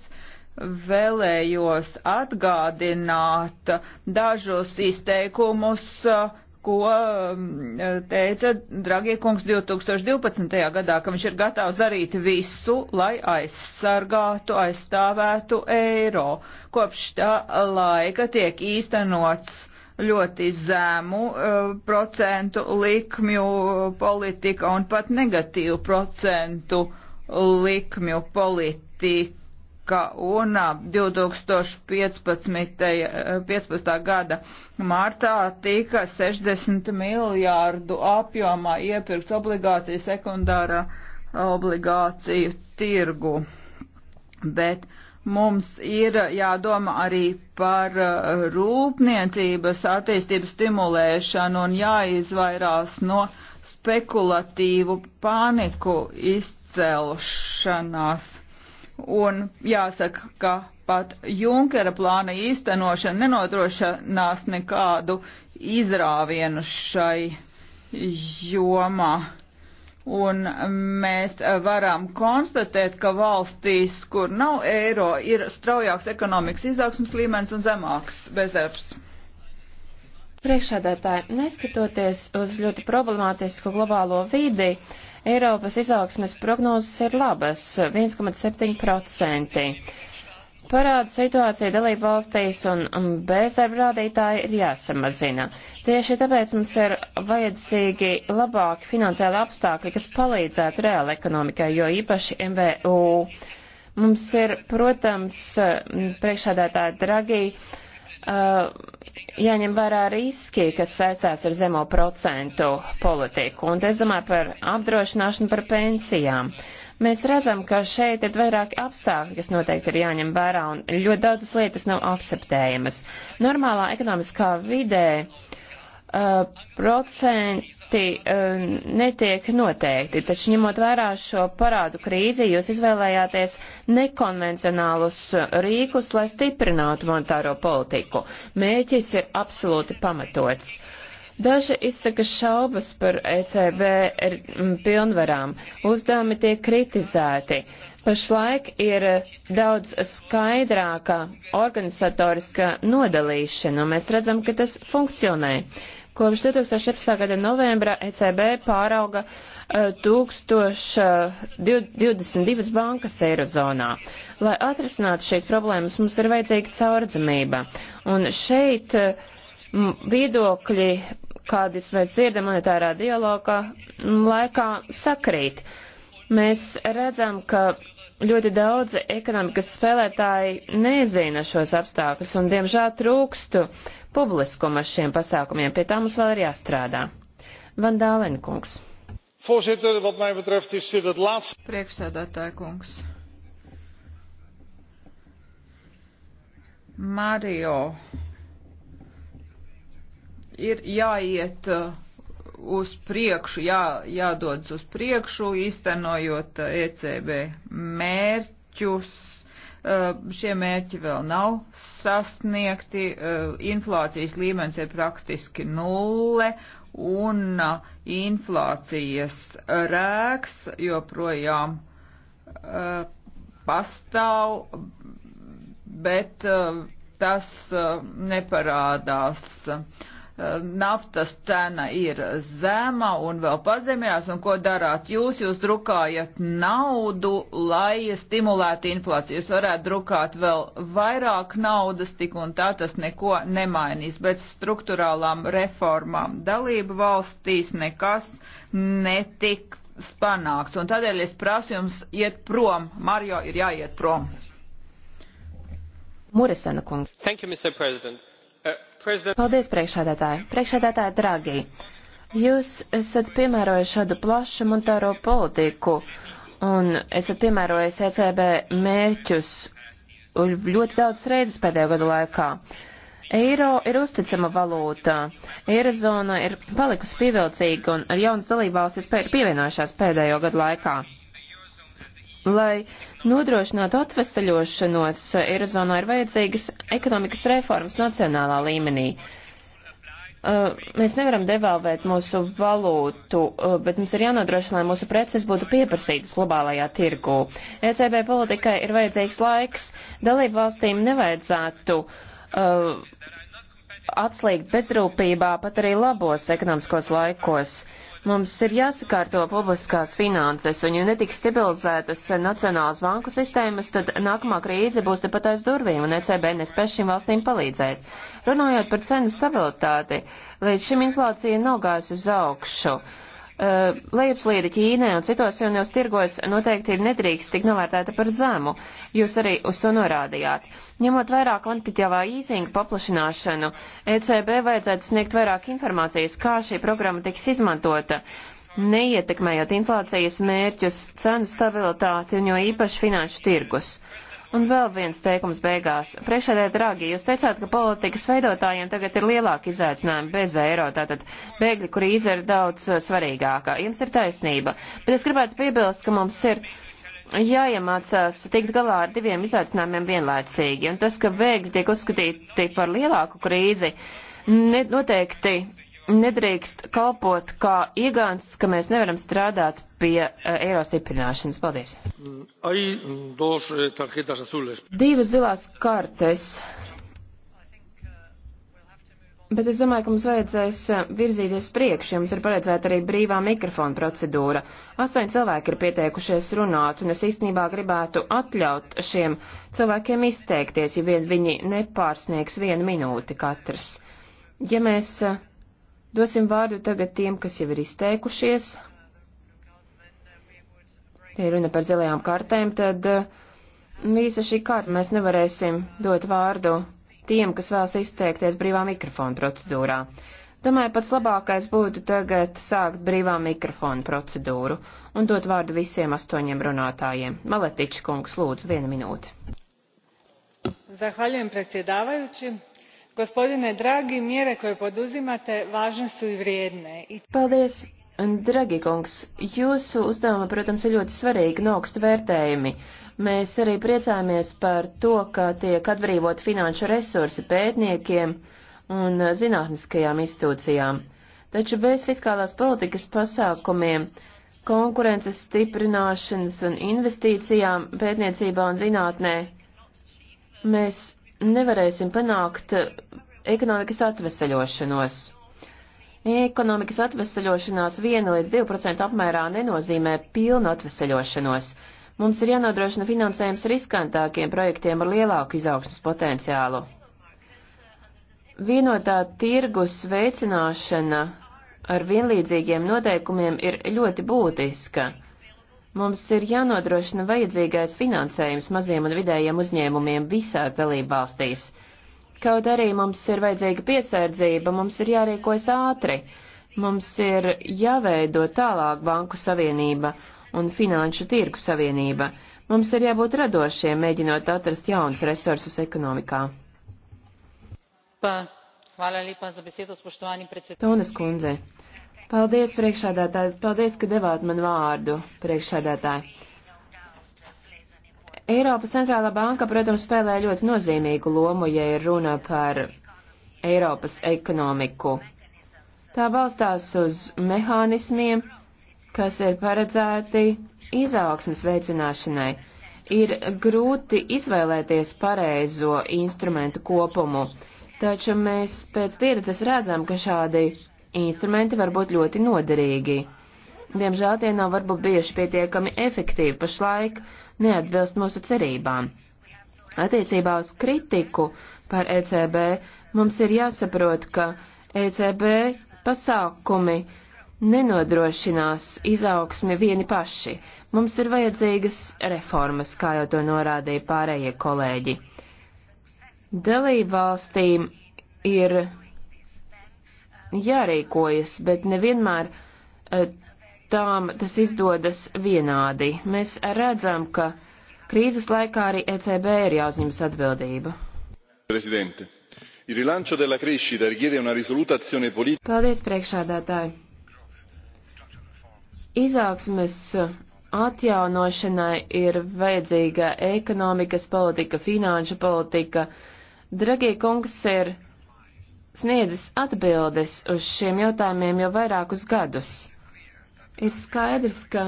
vēlējos atgādināt dažus izteikumus uh, ko um, teica Dragie kungs 2012. gadā, ka viņš ir gatavs darīt visu, lai aizsargātu, aizstāvētu eiro. Kopš tā laika tiek īstenots ļoti zēmu uh, procentu likmju politika un pat negatīvu procentu likmju politika ka un 2015. gada martā tika 60 miljārdu apjomā iepirkts obligāciju sekundārā obligāciju tirgu. Bet mums ir jādomā arī par rūpniecības attīstības stimulēšanu un jāizvairās no spekulatīvu paniku izcelšanās un jāsaka, ka pat Junkera plāna īstenošana nenodrošinās nekādu izrāvienu šai jomā. Un mēs varam konstatēt, ka valstīs, kur nav eiro, ir straujāks ekonomikas izaugsmas līmenis un zemāks bezdarbs. Priekšādētāji, neskatoties uz ļoti problemātisku globālo vīdi, uh, Eiropas izaugsmes prognozes ir labas - 1,7%. Parāda situācija dalību valstīs un um, bezdarba rādītāji ir jāsamazina. Tieši tāpēc mums ir vajadzīgi labāki finansiāli apstākļi, kas palīdzētu reāli ekonomikai, jo īpaši MVU. Mums ir, protams, priekšādētāja Dragija Uh, jāņem vērā riski, kas saistās ar zemo procentu politiku. Un es domāju par apdrošināšanu par pensijām. Mēs redzam, ka šeit ir vairāki apstākļi, kas noteikti ir jāņem vērā, un ļoti daudzas lietas nav akceptējamas. Normālā ekonomiskā vidē uh, procent, dati um, eh, netiek noteikti, taču ņemot vērā šo parādu krīzi, jūs izvēlējāties nekonvencionālus eh, rīkus, lai stiprinātu monetāro politiku. Mēķis ir absolūti pamatots. Daži izsaka šaubas par ECB er, pilnvarām, uzdevumi tiek kritizēti. Pašlaik ir eh, daudz skaidrāka organizatoriska nodalīšana, un mēs redzam, ka tas funkcionē. Kopš 2017. gada novembra ECB pārauga 1022 e, e, bankas Eirozonā. Lai atrisinātu šīs problēmas, mums ir vajadzīga caurdzamība. Un šeit e, viedokļi, kādas mēs dzirdam monetārā dialogā, laikā sakrīt. Mēs redzam, ka ļoti daudzi ekonomikas spēlētāji nezina šos apstākļus un, diemžēl, trūkstu publiskuma šiem pasākumiem. Pie tā mums vēl ir jāstrādā. Van Dālenkungs. Voorzitter, wat mij betreft is dit het laatste. Priekšsēdētāja kungs. Mario ir jāiet uh, uz priekšu, jā, jādodas uz priekšu, īstenojot uh, ECB mērķus Uh, šie mērķi vēl nav sasniegti, uh, inflācijas līmenis ir praktiski nulle un uh, inflācijas rēks joprojām pastāv, bet tas neparādās. Eh, naftas cena ir zema un vēl pazemējās, un ko darāt jūs? Jūs drukājat naudu, lai stimulētu inflāciju. Jūs varētu drukāt vēl vairāk naudas, tik un tā tas neko nemainīs, bet struktūrālām reformām dalību valstīs nekas netiks panāks. Un tādēļ es prasu jums iet prom. Mario ir jāiet prom. Muresena kungs. Thank you, Mr. President. Paldies, priekšādātāji. Priekšādātāji, dragi, jūs esat piemērojuši šādu plašu monetāro politiku un esat piemērojis ECB mērķus ļoti daudz reizes pēdējo gadu laikā. Eiro ir uzticama valūta. Eirozona ir palikusi pievilcīga un ar jaunas dalībvalstis ir pievienojušās pēdējo gadu laikā. Lai nodrošinātu atvesaļošanos, Eirozonā ir vajadzīgas ekonomikas reformas nacionālā līmenī. Uh, mēs nevaram devalvēt mūsu valūtu, uh, bet mums ir jānodrošina, lai mūsu preces būtu pieprasītas globālajā tirgū. ECB politikai ir vajadzīgs laiks. Dalību valstīm nevajadzētu uh, atslīgt bezrūpībā pat arī labos ekonomiskos laikos. Uh, Mums ir jāsakārto publiskās finanses, un ja netiks stabilizētas nacionālas banku sistēmas, tad nākamā krīze būs tepat aiz durvīm, un ECB nespēs šīm valstīm palīdzēt. Runājot par cenu stabilitāti, līdz šim inflācija nav gājusi uz augšu. Uh, uh, lejupslīde Ķīnē un citos jaunos tirgos noteikti ir nedrīkst tik novērtēta par zemu. Jūs arī uz to norādījāt. Ņemot vairāk kvantitīvā īzinga paplašināšanu, ECB vajadzētu sniegt vairāk informācijas, kā šī programma tiks izmantota, neietekmējot inflācijas mērķus, cenu stabilitāti un jo īpaši finanšu tirgus. Uh, Un vēl viens teikums beigās. Priekšēdē, draugi, jūs teicāt, ka politikas veidotājiem tagad ir lielāka izaicinājuma bez eiro, tātad bēgļu krīze ir daudz uh, svarīgākā. Jums ir taisnība. Bet es gribētu piebilst, ka mums ir jāiemācās tikt galā ar diviem izaicinājumiem vienlaicīgi. Un tas, ka bēgļi tiek uzskatīti par lielāku krīzi, noteikti nedrīkst kalpot kā iegāns, ka mēs nevaram strādāt pie eh, eiro stiprināšanas. Paldies. Mm, eh, Divas zilās kartes. Bet es domāju, ka mums vajadzēs eh, virzīties priekš, jums ir paredzēta arī brīvā mikrofona procedūra. Astoņi cilvēki ir pieteikušies runāt, un es īstenībā gribētu atļaut šiem cilvēkiem izteikties, ja vien viņi nepārsniegs vienu minūti katrs. Ja mēs uh, Dosim vārdu tagad tiem, kas jau ir izteikušies. Ja runa par zilajām kartēm, tad mm, visa šī karta mēs nevarēsim dot vārdu tiem, kas vēlas izteikties brīvā mikrofona procedūrā. Domāju, pats labākais būtu tagad sākt brīvā mikrofona procedūru un dot vārdu visiem astoņiem runātājiem. Maletičs kungs, lūdzu, viena minūte. Zahvaļiem, predsēdāvajuči. Gospodine Dragi, mjere koje poduzimate važne su i vrijedne. Paldies, Dragi kungs. Jūsu uzdevumi, protams, ir ļoti svarīgi un augstu vērtējumi. Mēs arī priecājamies par to, ka tiek atbrīvot finanšu resursi pētniekiem un zinātniskajām institūcijām. Taču bez fiskālās politikas pasākumiem, konkurences stiprināšanas un investīcijām pētniecībā un zinātnē mēs nevarēsim panākt eh, ekonomikas atveseļošanos. Ekonomikas atveseļošanās 1 līdz 2% apmērā nenozīmē pilnu atveseļošanos. Mums ir jānodrošina finansējums riskantākiem projektiem ar lielāku izaugsmas potenciālu. Vienotā tirgus veicināšana ar vienlīdzīgiem noteikumiem ir ļoti būtiska. Mums ir jānodrošina vajadzīgais finansējums maziem un vidējiem uzņēmumiem visās dalībvalstīs. Kaut arī mums ir vajadzīga piesardzība, mums ir jārīkojas ātri, mums ir jāveido tālāk banku savienība un finanšu tirku savienība, mums ir jābūt radošiem, mēģinot atrast jaunus resursus ekonomikā. Pa, hvala lepa za besedo, spoštovani predsednik. Tonas kundze. Paldies, priekšādātāji. Paldies, ka devāt man vārdu, priekšādātāji. Eiropas centrālā banka, protams, spēlē ļoti nozīmīgu lomu, ja ir runa par Eiropas ekonomiku. Tā balstās uz mehānismiem, kas ir paredzēti izaugsmas veicināšanai. Ir grūti izvēlēties pareizo instrumentu kopumu, taču mēs pēc pieredzes redzam, ka šādi instrumenti var būt ļoti noderīgi. Diemžēl tie nav varbūt bieži pietiekami efektīvi pašlaik, neatbilst mūsu cerībām. Attiecībā uz kritiku par ECB mums ir jāsaprot, ka ECB pasākumi nenodrošinās izaugsmi vieni paši. Mums ir vajadzīgas reformas, kā jau to norādīja pārējie kolēģi. Dalībvalstīm ir jārīkojas, bet nevienmēr eh, tām tas izdodas vienādi. Mēs redzam, ka krīzes laikā arī ECB ir jāuzņemas atbildība. Presidente. Il rilancio della crescita richiede una risoluta azione politica. Paldies, priekšādātāji. Izaugsmes atjaunošanai ir vajadzīga ekonomikas politika, finanšu politika. Dragie kungs ir sniedzis atbildes uz šiem jautājumiem jau vairākus gadus. Ir skaidrs, ka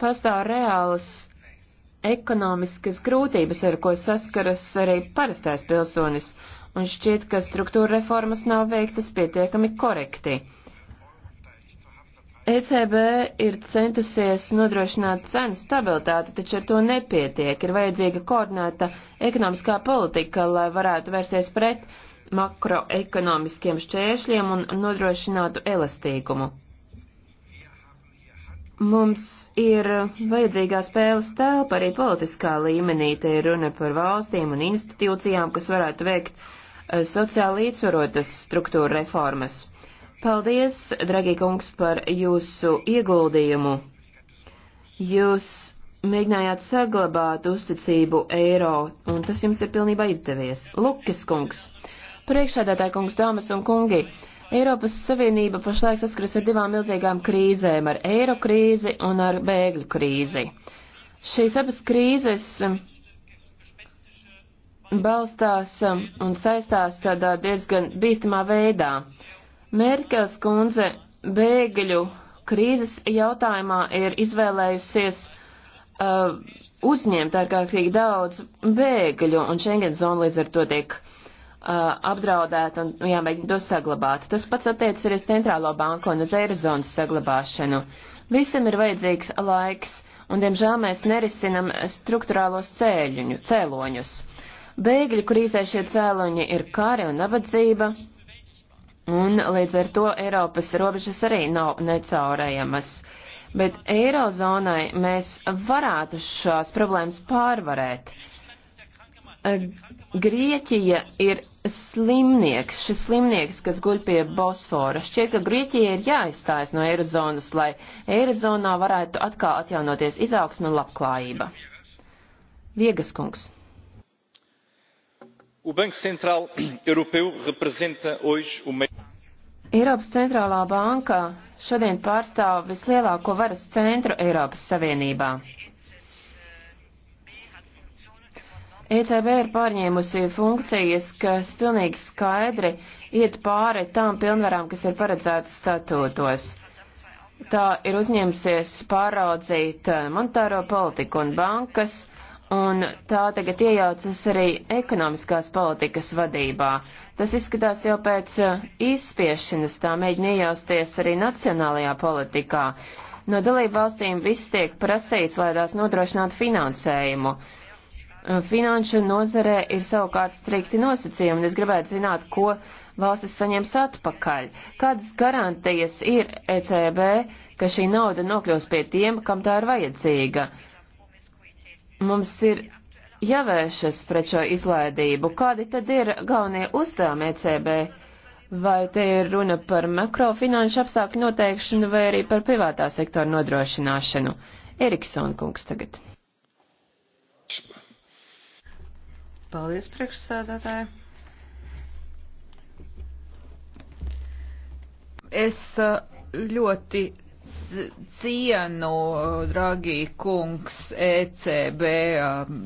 pastāv reālas ekonomiskas grūtības, ar ko saskaras arī parastais pilsonis, un šķiet, ka struktūra reformas nav veiktas pietiekami korekti. ECB ir centusies nodrošināt cenu stabilitāti, taču ar to nepietiek. Ir vajadzīga koordinēta ekonomiskā politika, lai varētu vērsties pret makroekonomiskiem šķēršļiem un nodrošinātu elastīgumu. Mums ir vajadzīgā spēles telpa arī politiskā līmenī, te ir runa par valstīm un institūcijām, kas varētu veikt eh, sociāli līdzsvarotas struktūra reformas. Paldies, dragī kungs, par jūsu ieguldījumu. Jūs mēģinājāt saglabāt uzticību eiro, un tas jums ir pilnībā izdevies. Lukas kungs, Priekšādātāja kungs, dāmas un kungi, Eiropas Savienība pašlaik saskaras ar divām milzīgām krīzēm - ar eiro krīzi un ar bēgļu krīzi. Šīs abas krīzes um, balstās um, un saistās tādā diezgan bīstamā veidā. Merkels kundze bēgļu krīzes jautājumā ir izvēlējusies uh, uzņemt ārkārtīgi daudz bēgļu, un Schengen zona līdz ar to tiek uh, Uh, apdraudēti un jāmēģina to saglabāt. Tas pats attiecas arī uz centrālo banku un uz eirozonas saglabāšanu. Visam ir vajadzīgs laiks, un diemžēl mēs nerisinam struktūrālos cēļuņu, cēloņus. Bēgļu krīzē šie cēloņi ir kari un nabadzība, un līdz ar to Eiropas robežas arī nav necaurējamas. Bet Eirozonai mēs varētu šās problēmas pārvarēt. Uh, Grieķija ir slimnieks, šis slimnieks, kas guļ pie Bosfora. Šķiet, ka Grieķija ir jāizstājas no Eirozonas, lai Eirozonā varētu atkal atjaunoties izaugsme un labklājība. Viegas kungs. O Banco Central Europeu representa hoje o maior. Eiropas centrālā banka šodien pārstāv vislielāko varas centru Eiropas Savienībā. ECB ir pārņēmusi funkcijas, kas pilnīgi skaidri iet pāri tām pilnvarām, kas ir paredzētas statūtos. Tā ir uzņemsies pāraudzīt eh, monetāro politiku un bankas, un tā tagad iejaucas arī ekonomiskās politikas vadībā. Tas izskatās jau pēc eh, izspiešanas, tā mēģina iejausties arī nacionālajā politikā. No dalību valstīm viss tiek prasīts, lai tās nodrošinātu finansējumu. Finanšu nozarē ir savukārt strikti nosacījumi, un es gribētu zināt, ko valstis saņems atpakaļ. Kādas garantijas ir ECB, ka šī nauda nokļūs pie tiem, kam tā ir vajadzīga? Mums ir jāvēršas pret šo izlaidību. Kādi tad ir galvenie uzdevumi ECB? Vai te ir runa par makrofinanšu apstākļu noteikšanu vai arī par privātā sektora nodrošināšanu? Eriksona kungs tagad. Paldies, priekšsēdētāji. Es uh, ļoti cienu, uh, dragī kungs, ECB um,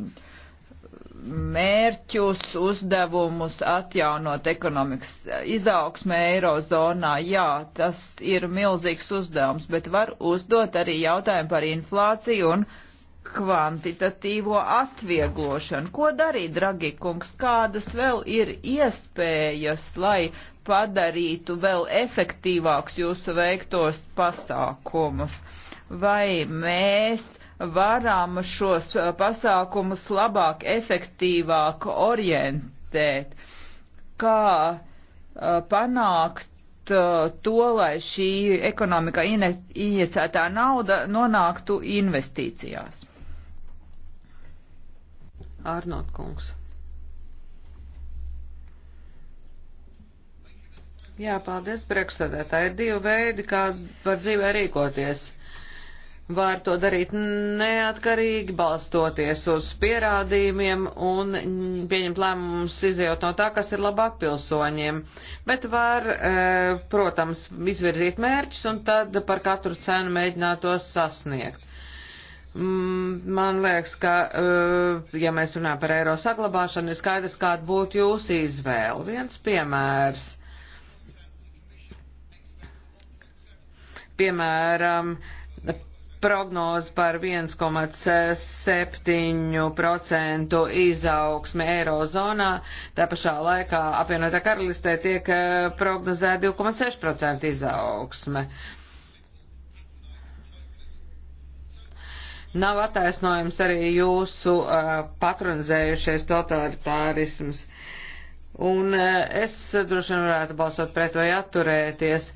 mērķus, uzdevumus atjaunot ekonomikas izaugsmē Eirozonā. Jā, tas ir milzīgs uzdevums, bet var uzdot arī jautājumu par inflāciju un inflāciju kvantitatīvo atvieglošanu. Ko darīt, dragi kungs, kādas vēl ir iespējas, lai padarītu vēl efektīvāks jūsu veiktos pasākumus? Vai mēs varam šos uh, pasākumus labāk, efektīvāk orientēt? Kā uh, panākt uh, to, lai šī ekonomikā ieiecētā nauda nonāktu investīcijās? Arnot kungs. Jā, paldies, priekšsēdētāji. Ir divi veidi, kā var dzīvē rīkoties. Var to darīt neatkarīgi, balstoties uz pierādījumiem un pieņemt lēmumus izējot no tā, kas ir labāk pilsoņiem. Bet var, e, protams, izvirzīt mērķus un tad par katru cenu mēģināt tos sasniegt. Mm, man liekas, ka, eh, ja mēs runājam par eiro saglabāšanu, ir skaidrs, kāda būtu jūsu izvēle. Viens piemērs. Piemēram, prognoze par 1,7% izaugsme eirozonā, tā pašā laikā apvienotā karalistē tiek eh, prognozēta 2,6% izaugsme. Uh, Nav attaisnojums arī jūsu uh, patronizējušies totalitārisms. Un uh, es uh, droši vien varētu balsot pret vai atturēties,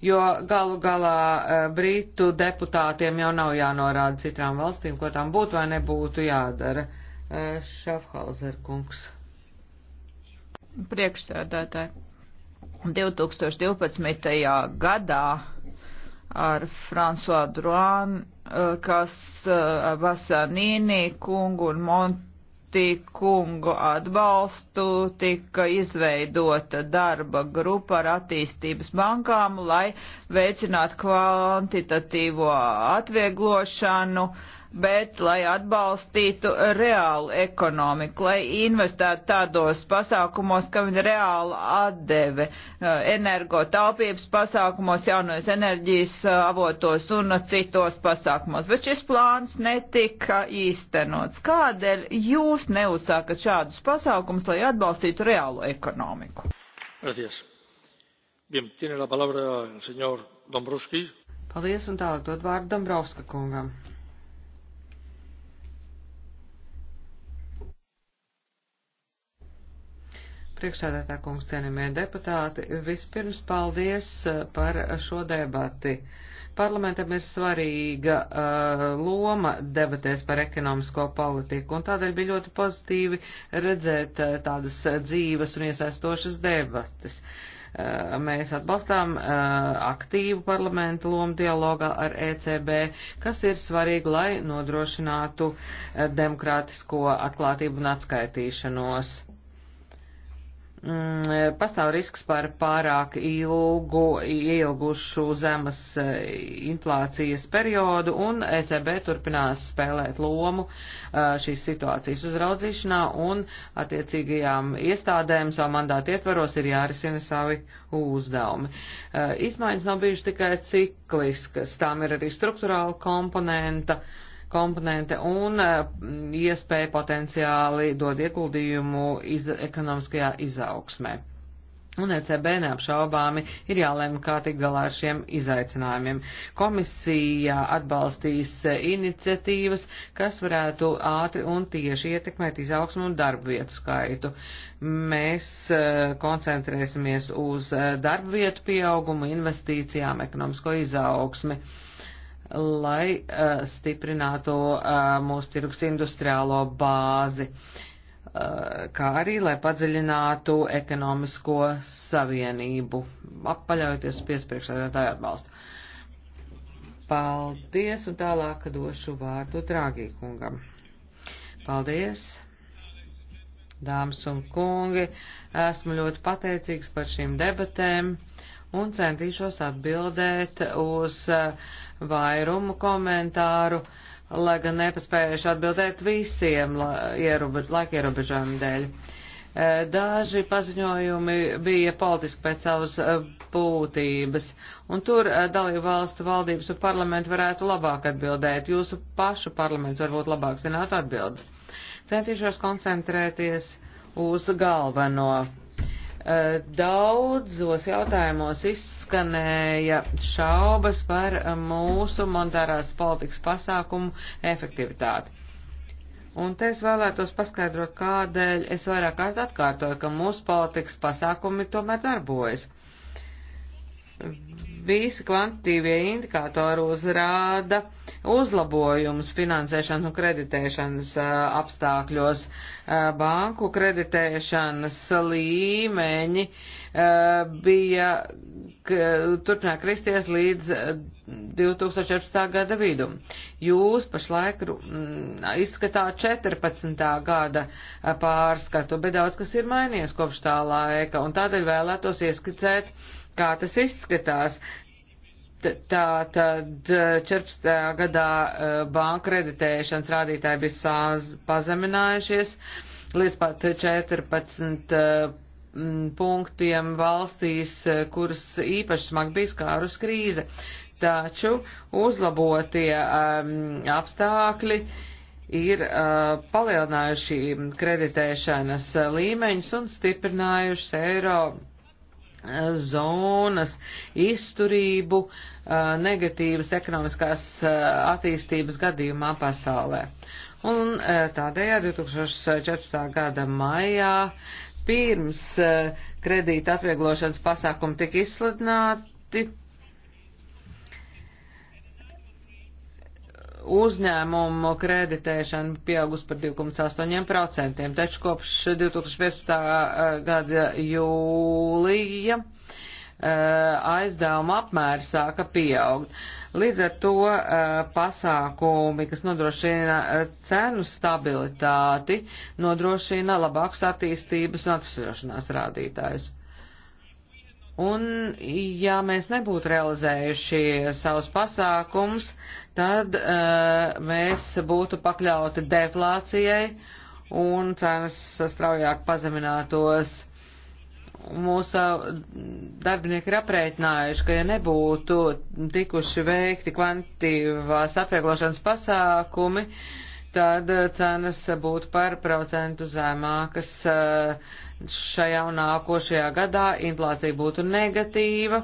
jo galu galā uh, brītu deputātiem jau nav jānorāda citām valstīm, ko tām būtu vai nebūtu jādara. Uh, Šafhauser kungs. Priekšsēdētāji. 2012. gadā ar François Druānu kas Vasanīnī eh, kungu un Monti kungu atbalstu tika izveidota darba grupa ar attīstības bankām, lai veicinātu kvantitatīvo atvieglošanu uh, bet lai atbalstītu reālu ekonomiku, lai investētu tādos pasākumos, kam ir reāla atdeve, uh, energotaupības pasākumos, jaunos enerģijas uh, avotos un citos pasākumos. Bet šis plāns netika īstenots. Kādēļ jūs neuzsākat šādus pasākumus, lai atbalstītu reālu ekonomiku? Gracias. Bien, tiene la palabra el señor Dombrovskis. Paldies, un tālāk dod vārdu Dombrovska kungam. Priekšsēdētā kungs, cienījamie deputāti, vispirms paldies uh, par šo debati. Parlamentam ir svarīga uh, loma debatēs par ekonomisko politiku, un tādēļ bija ļoti pozitīvi redzēt uh, tādas dzīves un iesaistošas debates. Uh, mēs atbalstām uh, aktīvu parlamentu lomu dialogā ar ECB, kas ir svarīgi, lai nodrošinātu uh, demokrātisko atklātību un atskaitīšanos mm, e, pastāv risks par pārāk ilgu, ilgušu zemes e, inflācijas periodu, un ECB turpinās spēlēt lomu e, šīs situācijas uzraudzīšanā, un attiecīgajām iestādēm savu mandātu ietvaros ir jārisina savi uzdevumi. Izmaiņas nav bijušas tikai cikliskas, tām ir arī struktūrāla komponenta komponente un eh, iespēja potenciāli dod ieguldījumu iz, ekonomiskajā izaugsmē. Un ECB neapšaubāmi ir jālēma, kā tikt galā ar šiem izaicinājumiem. Komisija atbalstīs eh, iniciatīvas, kas varētu ātri un tieši ietekmēt izaugsmu un darba vietu skaitu. Mēs eh, koncentrēsimies uz darba vietu pieaugumu, investīcijām, ekonomisko izaugsmi. Uh, lai uh, stiprinātu uh, mūsu tirgus industriālo bāzi, uh, kā arī lai padziļinātu ekonomisko savienību, apaļaujoties piespriekšsēdētāju atbalstu. Paldies, un tālāk došu vārdu Drāgī kungam. Paldies! Dāmas un kungi, esmu ļoti pateicīgs par šīm debatēm un centīšos atbildēt uz eh, vairumu komentāru, lai gan nepaspējuši atbildēt visiem laika ierobežojumu dēļ. Eh, daži paziņojumi bija politiski pēc savas eh, būtības, un tur dalību valstu valdības un parlamentu varētu labāk atbildēt. Jūsu pašu parlaments varbūt labāk zinātu atbildes. Centīšos koncentrēties uz galveno Eh, daudzos jautājumos izskanēja šaubas par eh, mūsu monetārās politikas pasākumu efektivitāti. Un te es vēlētos paskaidrot, kādēļ es vairāk kārt atkārtoju, ka mūsu politikas pasākumi tomēr darbojas. Visi kvantitīvie indikātori uzrāda uzlabojumus finansēšanas un kreditēšanas apstākļos. Banku kreditēšanas līmeņi bija turpināt kristies līdz 2014. gada vidum. Jūs pašlaik izskatāt 14. gada pārskatu, bet daudz kas ir mainījies kopš tā laika, un tādēļ vēlētos ieskicēt uh, kā tas izskatās. T tā tad 14. Eh, gadā eh, banka kreditēšanas rādītāji bija sāz pazeminājušies līdz pat 14 eh, punktiem valstīs, kuras īpaši smagi bija skārus krīze. Taču uzlabotie um, apstākļi ir uh, palielinājuši kreditēšanas līmeņus un stiprinājuši eiro Eh, zonas izturību eh, negatīvas ekonomiskās eh, attīstības gadījumā pasaulē. Un tādējādi 2014. gada maijā pirms kredīta atvieglošanas pasākumi tika izsludināti, uzņēmumu kreditēšana pieaugus par 2,8%, taču kopš 2015. Eh, gada jūlija eh, aizdevuma apmērs sāka pieaugt. Līdz ar to eh, pasākumi, kas nodrošina cenu stabilitāti, nodrošina labākus attīstības un atvesļošanās rādītājus. Un, ja mēs nebūtu realizējuši savus pasākums, tad uh, mēs būtu pakļauti deflācijai un cenas straujāk pazeminātos. Mūsu darbinieki ir aprēķinājuši, ka ja nebūtu tikuši veikti kvantīvās atvieglošanas pasākumi, uh, tad eh, cenas būtu par procentu zemākas eh, šajā un nākošajā gadā, inflācija būtu negatīva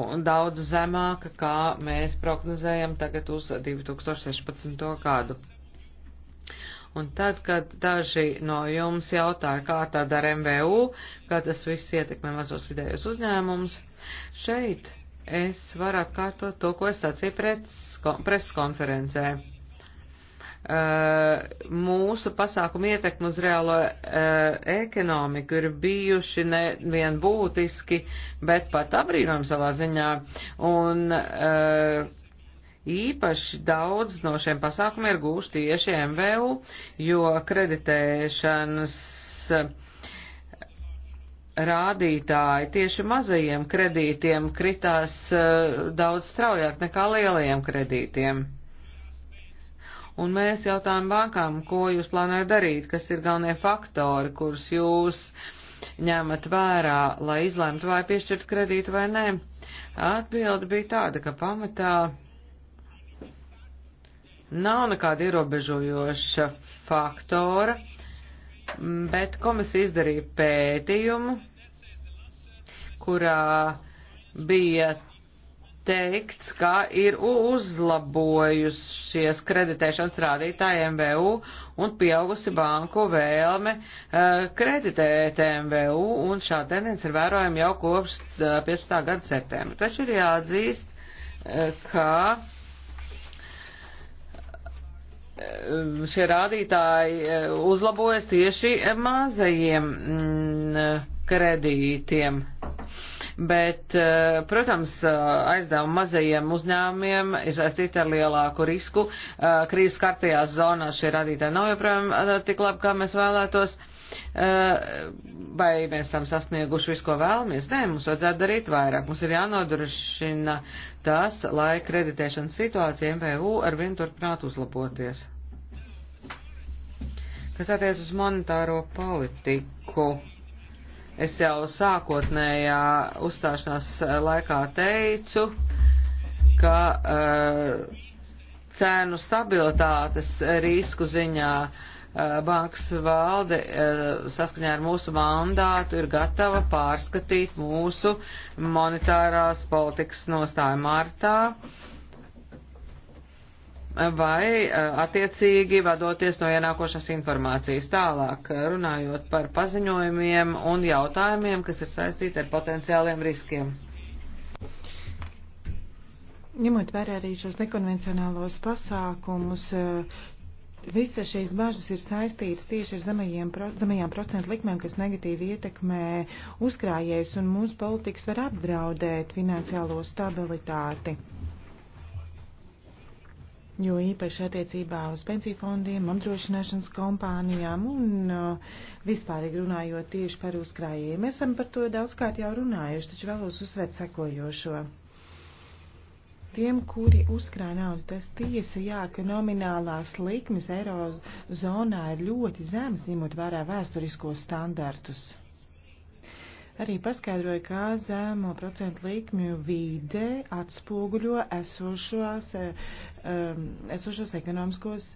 un daudz zemāka, kā mēs prognozējam tagad uz 2016. gadu. Un tad, kad daži no jums jautāja, kā tad ar MVU, kā tas viss ietekmē mazos vidējos uzņēmumus, šeit es varu atkārtot to, ko es sacīju preses konferencē Eh, mūsu pasākumu ietekmi uz reālo eh, ekonomiku ir bijuši nevien būtiski, bet pat apbrīnojami savā ziņā. Un, eh, Īpaši daudz no šiem pasākumiem ir gūši tieši MVU, jo kreditēšanas rādītāji tieši mazajiem kredītiem kritās daudz straujāk nekā lielajiem kredītiem. Un mēs jautājam bankām, ko jūs plānojat darīt, kas ir galvenie faktori, kurus jūs ņemat vērā, lai izlemtu, vai piešķirt kredītu vai nē. Atbilde bija tāda, ka pamatā nav nekāda ierobežojoša faktora, bet komisija izdarīja pētījumu, kurā bija teikts, ka ir uzlabojusies kreditēšanas rādītāji MVU un pieaugusi banku vēlme uh, kreditēt MVU, un šā tendence ir vērojama jau kopš uh, eh, 15. gada septembra. Taču ir jāatzīst, uh, ka šie rādītāji uzlabojas tieši mazajiem mm, kredītiem bet, eh, protams, eh, aizdevumi mazajiem uzņēmumiem ir saistīti ar lielāku risku. Eh, krīzes kartajās zonās šie radītāji nav joprojām tik labi, kā mēs vēlētos. Vai mēs esam sasnieguši visu, ko vēlamies? Nē, mums vajadzētu darīt vairāk. Mums ir jānodrošina tas, lai kreditēšanas situācija MVU ar vienu turpinātu uzlaboties. Kas attiec uz monetāro politiku? Es jau sākotnējā uzstāšanās laikā teicu, ka uh, cēnu stabilitātes risku ziņā uh, bankas valde uh, saskaņā ar mūsu mandātu ir gatava pārskatīt mūsu monetārās politikas nostāju martā. Uh, vai attiecīgi vadoties no ienākošās informācijas. Tālāk runājot par paziņojumiem un jautājumiem, kas ir saistīti ar potenciāliem riskiem. Ņemot vērā arī šos nekonvencionālos pasākumus, visas šīs bažas ir saistītas tieši ar zemajiem, zemajām procentu likmēm, kas negatīvi ietekmē uzkrājējus un mūsu politikas var apdraudēt finansiālo stabilitāti jo īpaši attiecībā uz pensiju fondiem, apdrošināšanas kompānijām un uh, vispārīgi runājot tieši par uzkrājējiem. Esam par to daudzkārt jau runājuši, taču vēlos uzsvērt sekojošo. Tiem, kuri uzkrāj naudu, tas tiesa, jā, ka nominālās likmes eirozonā ir ļoti zemas, ņemot vērā vēsturiskos standartus arī paskaidroja, kā zemo procentu likmju vīde atspoguļo esošos, eh, um, esošos ekonomiskos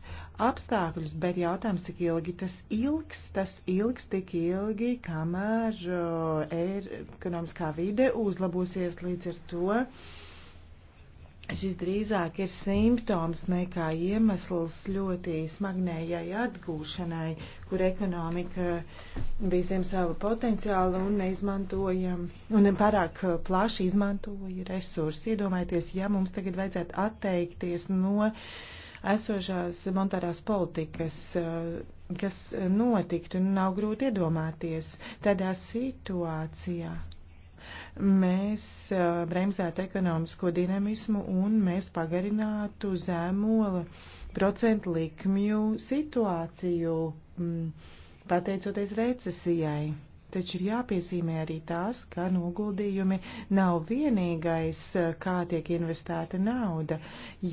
apstākļus, bet jautājums, cik ilgi tas ilgs, tas ilgs tik ilgi, kamēr uh, ekonomiskā vīde uzlabosies līdz ar to. Uh, Šis drīzāk ir simptoms nekā iemesls ļoti smagnējai atgūšanai, kur ekonomika bija zem sava potenciāla un neizmantoja, un nepārāk plaši izmantoja resursus. Iedomājieties, ja mums tagad vajadzētu atteikties no esošās monetārās politikas, kas notiktu, nu, nav grūti iedomāties tādā situācijā mēs bremzētu ekonomisko dinamismu un mēs pagarinātu zēmola procentu likmju situāciju, pateicoties recesijai. Taču ir jāpiezīmē arī tās, ka noguldījumi nav vienīgais, kā tiek investēta nauda.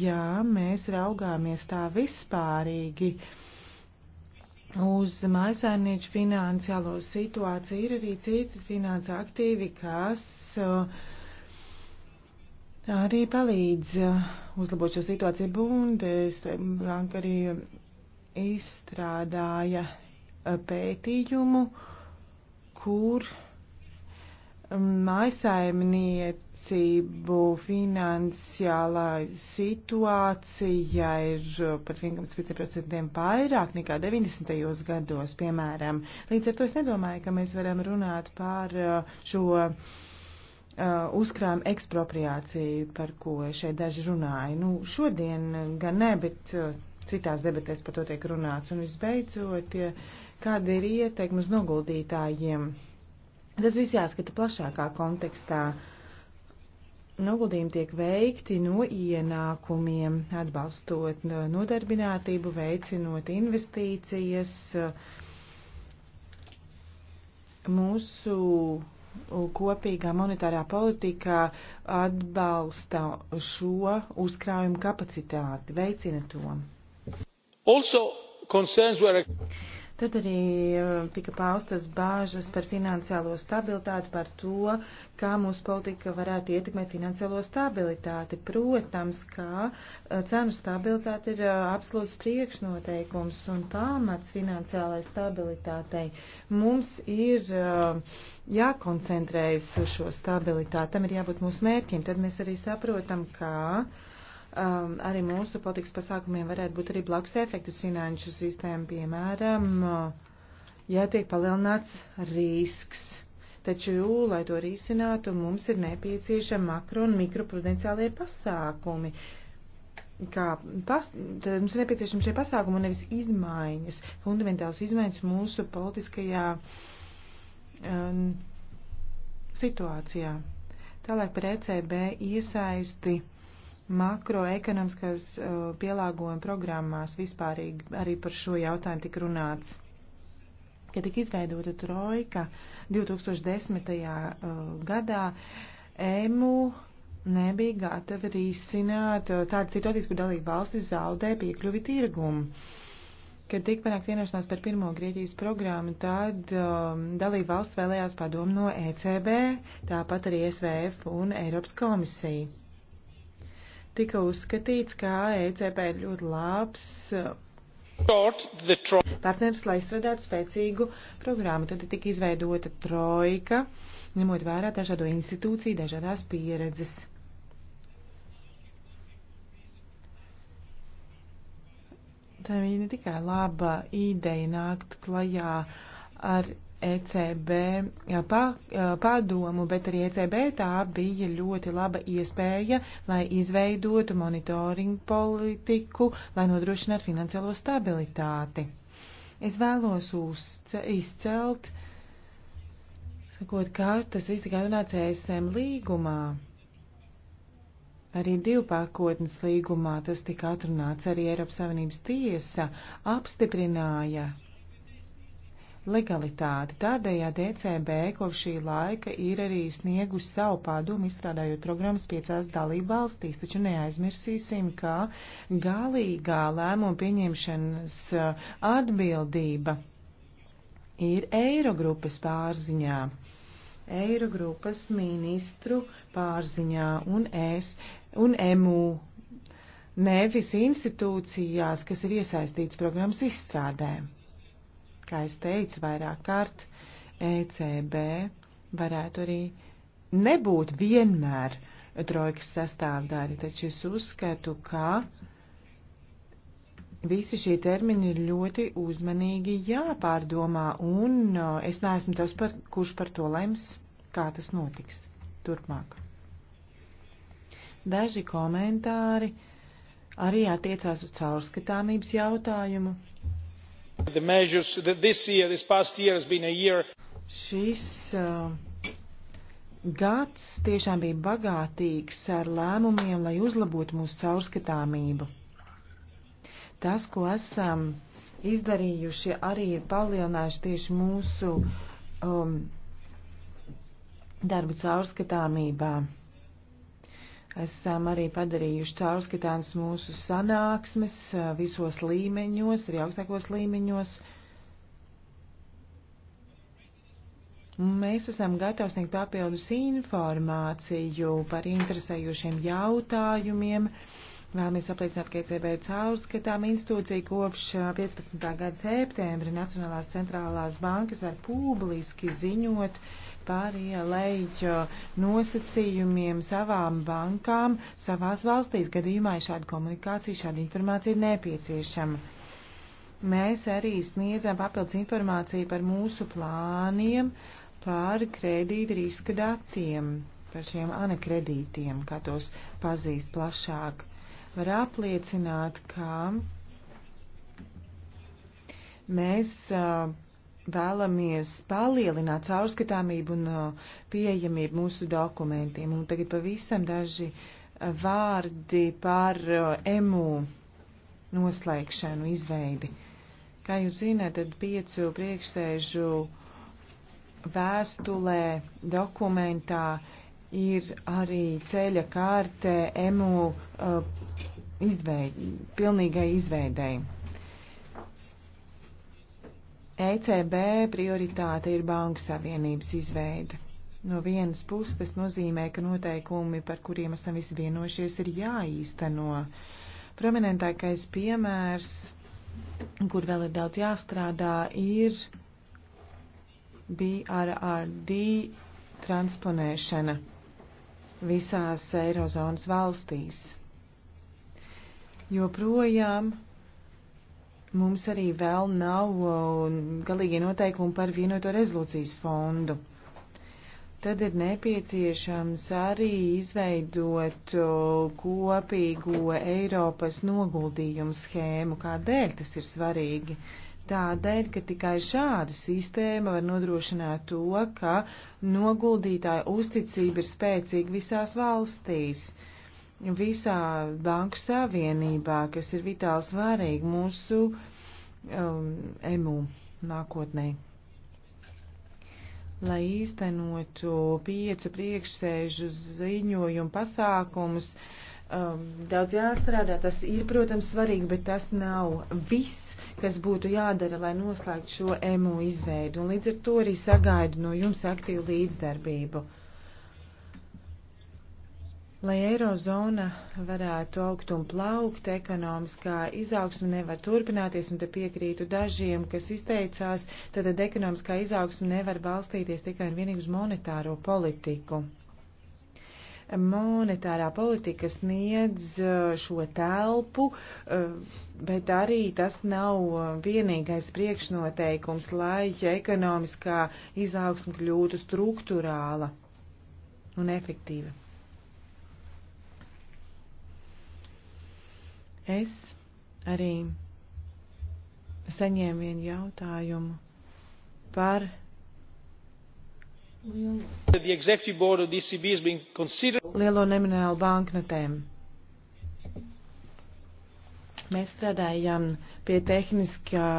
Jā, mēs raugāmies tā vispārīgi. Uh, uz mājasēmnieču finansiālo situāciju. Ir arī citas finansu aktīvi, kas uh, arī palīdz uh, uzlabot šo situāciju. Bundes banka arī izstrādāja uh, pētījumu, kur Mājasēmniecību um, finansiālā situācija ir uh, par 1,5% vairāk nekā 90. gados, piemēram. Līdz ar to es nedomāju, ka mēs varam runāt par uh, šo uh, uzkrājuma ekspropriāciju, par ko šeit daži runāja. Nu, šodien gan ne, bet citās debatēs par to tiek runāts. Un visbeidzot, kāda ir ieteikuma uz noguldītājiem? Tas viss jāskata plašākā kontekstā. Noguldījumi tiek veikti no ienākumiem, atbalstot nodarbinātību, veicinot investīcijas. Mūsu kopīgā monetārā politikā atbalsta šo uzkrājumu kapacitāti, veicina to. Also, concerns were... Tad arī eh, tika paustas bāžas par finansiālo stabilitāti, par to, kā mūsu politika varētu ietekmēt finansiālo stabilitāti. Protams, kā eh, cenu stabilitāte ir eh, absolūts priekšnoteikums un pamats finansiālai stabilitātei. Mums ir jākoncentrējas uz šo stabilitāti, tam ir jābūt mūsu mērķim. Tad mēs arī saprotam, kā. Ka um, arī mūsu politikas pasākumiem varētu būt arī blakus efektus finanšu sistēmu, piemēram, uh, ja tiek palielināts risks. Taču, lai to risinātu, mums ir nepieciešama makro un mikroprudenciālie pasākumi. Kā pas, tad mums ir nepieciešama šie pasākumi un nevis izmaiņas, fundamentāls izmaiņas mūsu politiskajā um, situācijā. Tālāk par ECB iesaisti makroekonomiskās uh, pielāgojuma programmās vispārīgi arī par šo jautājumu tik runāts. Kad tika izveidota trojka 2010. Uh, gadā, EMU nebija gatava risināt uh, tādas situācijas, kur dalība valstis zaudē piekļuvi tirgumu. Kad tika panākt vienošanās par pirmo Grieķijas programmu, tad um, dalība valsts vēlējās padomu no ECB, tāpat arī SVF un Eiropas komisiju tika uzskatīts, ka ECB ir ļoti labs partners, lai izstrādātu spēcīgu programmu. Tad tika izveidota trojka, ņemot vērā dažādo institūciju, dažādās pieredzes. Tā bija ne tikai laba ideja nākt klajā ar ECB padomu, bet arī ECB tā bija ļoti laba iespēja, lai izveidotu monitoringu politiku, lai nodrošinātu finansiālo stabilitāti. Es vēlos uzce, izcelt, sakot, kā tas viss tika runāts ESM līgumā. Arī divpakotnes līgumā tas tika atrunāts, arī Eiropas Savienības tiesa apstiprināja legalitāti. Tādējādi ECB kopš šī laika ir arī sniegusi savu padomu, izstrādājot programmas piecās dalību valstīs, taču neaizmirsīsim, ka galīgā lēmuma pieņemšanas uh, atbildība ir Eirogrupas pārziņā. Eirogrupas ministru pārziņā un es un EMU nevis institūcijās, kas ir iesaistīts programmas izstrādēm. Kā es teicu vairāk kārt, ECB varētu arī nebūt vienmēr trojkas sastāvdāri, taču es uzskatu, ka visi šie termini ir ļoti uzmanīgi jāpārdomā, un es neesmu tas, par, kurš par to lems, kā tas notiks turpmāk. Daži komentāri arī attiecās uz caurskatāmības jautājumu. Measures, this year, this year... Šis uh, gads tiešām bija bagātīgs ar lēmumiem, lai uzlabotu mūsu caurskatāmību. Tas, ko esam izdarījuši, arī ir palielinājuši tieši mūsu um, darbu caurskatāmībā. Esam arī padarījuši caurskatāms mūsu sanāksmes visos līmeņos, arī augstākos līmeņos. Mēs esam gatavi sniegt papildus informāciju par interesējošiem jautājumiem. Vēlamies apliecināt, ka ECB ir caurskatām institūcija kopš 15. gada septembra Nacionālās centrālās bankas var publiski ziņot pārielēju nosacījumiem savām bankām savās valstīs. Gadījumā šāda komunikācija, šāda informācija ir nepieciešama. Mēs arī sniedzam papildus informāciju par mūsu plāniem, par kredīta riska datiem, par šiem anekredītiem, kā tos pazīst plašāk. Var apliecināt, ka mēs uh, vēlamies palielināt caurskatāmību un uh, pieejamību mūsu dokumentiem. Un tagad pavisam daži uh, vārdi par uh, emu noslēgšanu, izveidi. Kā jūs zināt, tad piecu priekšsēžu vēstulē, dokumentā ir arī ceļa kārte emu uh, izveid, pilnīgai izveidēji. ECB prioritāte ir Banku Savienības izveide. No vienas puses tas nozīmē, ka noteikumi, par kuriem esam visi vienojušies, ir jāīsteno. Prominentākais piemērs, kur vēl ir daudz jāstrādā, ir BRRD transponēšana visās Eirozonas valstīs. Joprojām Mums arī vēl nav galīgie noteikumi par vienoto rezolūcijas fondu. Tad ir nepieciešams arī izveidot kopīgo Eiropas noguldījumu schēmu. Kādēļ tas ir svarīgi? Tādēļ, ka tikai šāda sistēma var nodrošināt to, ka noguldītāja uzticība ir spēcīga visās valstīs. Uh, visā Banku Savienībā, kas ir vitāli svarīgi mūsu um, emu nākotnē. Lai īstenotu piecu priekšsēžu ziņojumu pasākumus, um, daudz jāstrādā. Tas ir, protams, svarīgi, bet tas nav viss, kas būtu jādara, lai noslēgtu šo emu izveidu. Un līdz ar to arī sagaidu no jums aktīvu līdzdarbību. Lai eirozona varētu augt un plaukt, ekonomiskā izaugsme nevar turpināties, un te piekrītu dažiem, kas izteicās, tad ekonomiskā izaugsme nevar balstīties tikai un vienīgi uz monetāro politiku. Monetārā politika sniedz uh, šo telpu, uh, bet arī tas nav uh, vienīgais priekšnoteikums, lai ekonomiskā izaugsme kļūtu struktūrāla un efektīva. Es arī saņēmu vienu jautājumu par. Lielo neminālu banknotēm. Mēs strādājam pie tehniskā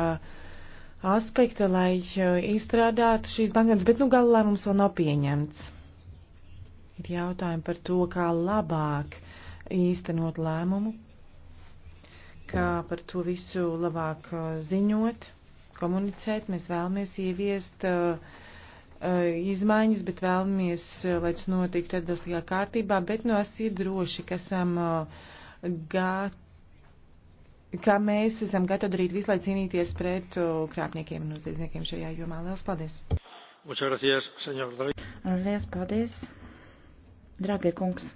aspekta, lai uh, izstrādātu šīs banknotes, bet nu galā mums vēl nav pieņemts. Ir jautājumi par to, kā labāk īstenot lēmumu kā par to visu labāk uh, ziņot, komunicēt. Mēs vēlamies ieviest uh, uh izmaiņas, bet vēlamies, uh, lai tas notiktu atbilstīgā kārtībā, bet no nu, esiet droši, ka esam uh, gatavi ka mēs esam gatavi darīt visu, lai cīnīties pret krāpniekiem un uzzīmniekiem šajā jomā. Lielas paldies! Muchas gracias, señor Draghi. Lielas paldies, Draghi kungs!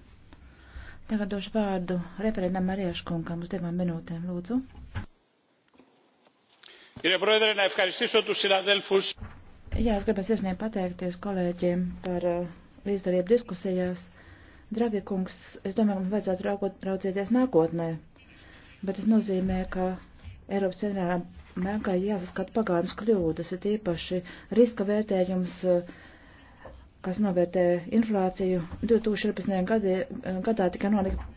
Tagad došu vārdu referendam Mariešu uz divām minūtēm, lūdzu. Jā, es gribētu iesniegt pateikties kolēģiem par uh, līdzdalību diskusijās. Dragi kungs, es domāju, ka mums vajadzētu raugot, raudzīties nākotnē, bet tas nozīmē, ka Eiropas centrālā bankai jāsaskat pagātnes kļūdas, ir īpaši riska vērtējums uh, kas novērtē inflāciju, 2014. Gadie, eh, gadā tikai nolika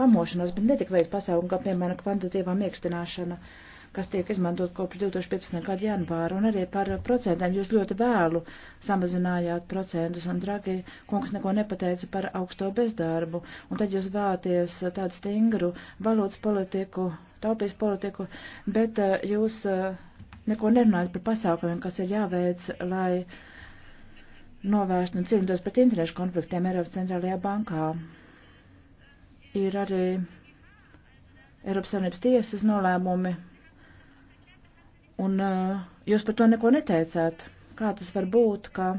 pamošanos, bet netika veikt pasaukumu, kā piemēram kvantitīvā mīkstināšana, kas tiek izmantot kopš 2015. gada janvāra, un arī par procentiem jūs ļoti vēlu samazinājāt procentus, un Dragi kungs neko nepateica par augsto bezdarbu, un tad jūs vēlaties tādu stingru valodas politiku, taupības politiku, bet eh, jūs eh, neko nerunājat par pasākumiem, kas ir jāveic, lai uh, novērst un cīnītos pret interešu konfliktiem Eiropas centrālajā bankā. Ir arī Eiropas Savienības tiesas nolēmumi, un uh, jūs par to neko neteicāt. Kā tas var būt, ka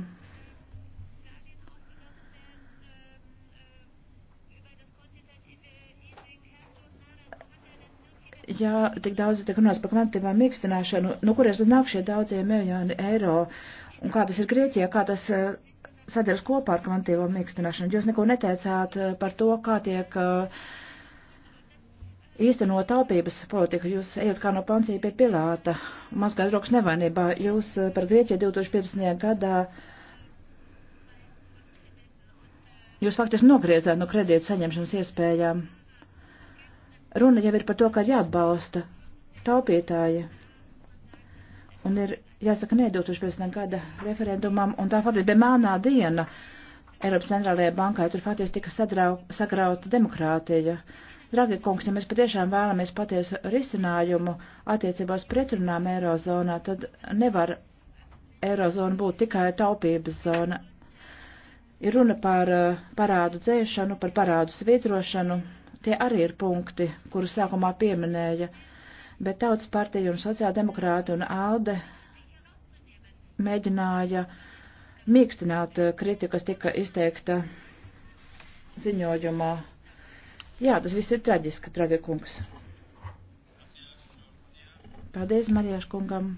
ja tik daudz tiek runāts par kvantitīvām mīkstināšanu, no nu, kurienes tad nāk šie daudzie miljoni eiro? Uh, un kā tas ir Grieķijā, kā tas eh, sadars kopā ar kvantīvo mīkstināšanu. Jūs neko neteicāt eh, par to, kā tiek eh, īstenot taupības politiku. Jūs ejat kā no pancija pie Pilāta, mazgāt rokas nevainībā. Jūs par Grieķiju 2015. gadā. Jūs faktiski nogriezāt no kredītu saņemšanas iespējām. Runa jau ir par to, ka ir jāatbalsta taupītāji. Un ir jāsaka, nē, 2015. gada referendumam, un tā faktiski bija mēnā diena Eiropas centrālajai bankai, tur faktiski tika sadrau, sagrauta demokrātija. Dragie kungs, ja mēs patiešām vēlamies patiesu risinājumu attiecībās pretrunām Eirozonā, tad nevar Eirozona būt tikai taupības zona. Ir runa par eh, parādu dzēšanu, par parādu svītrošanu. Tie arī ir punkti, kuru sākumā pieminēja, bet Tautas partija un sociāldemokrāti un ALDE mēģināja mīkstināt eh, kritiku, kas tika izteikta ziņojumā. Jā, tas viss ir traģiski, traģikungs. Paldies Marijāš kungam.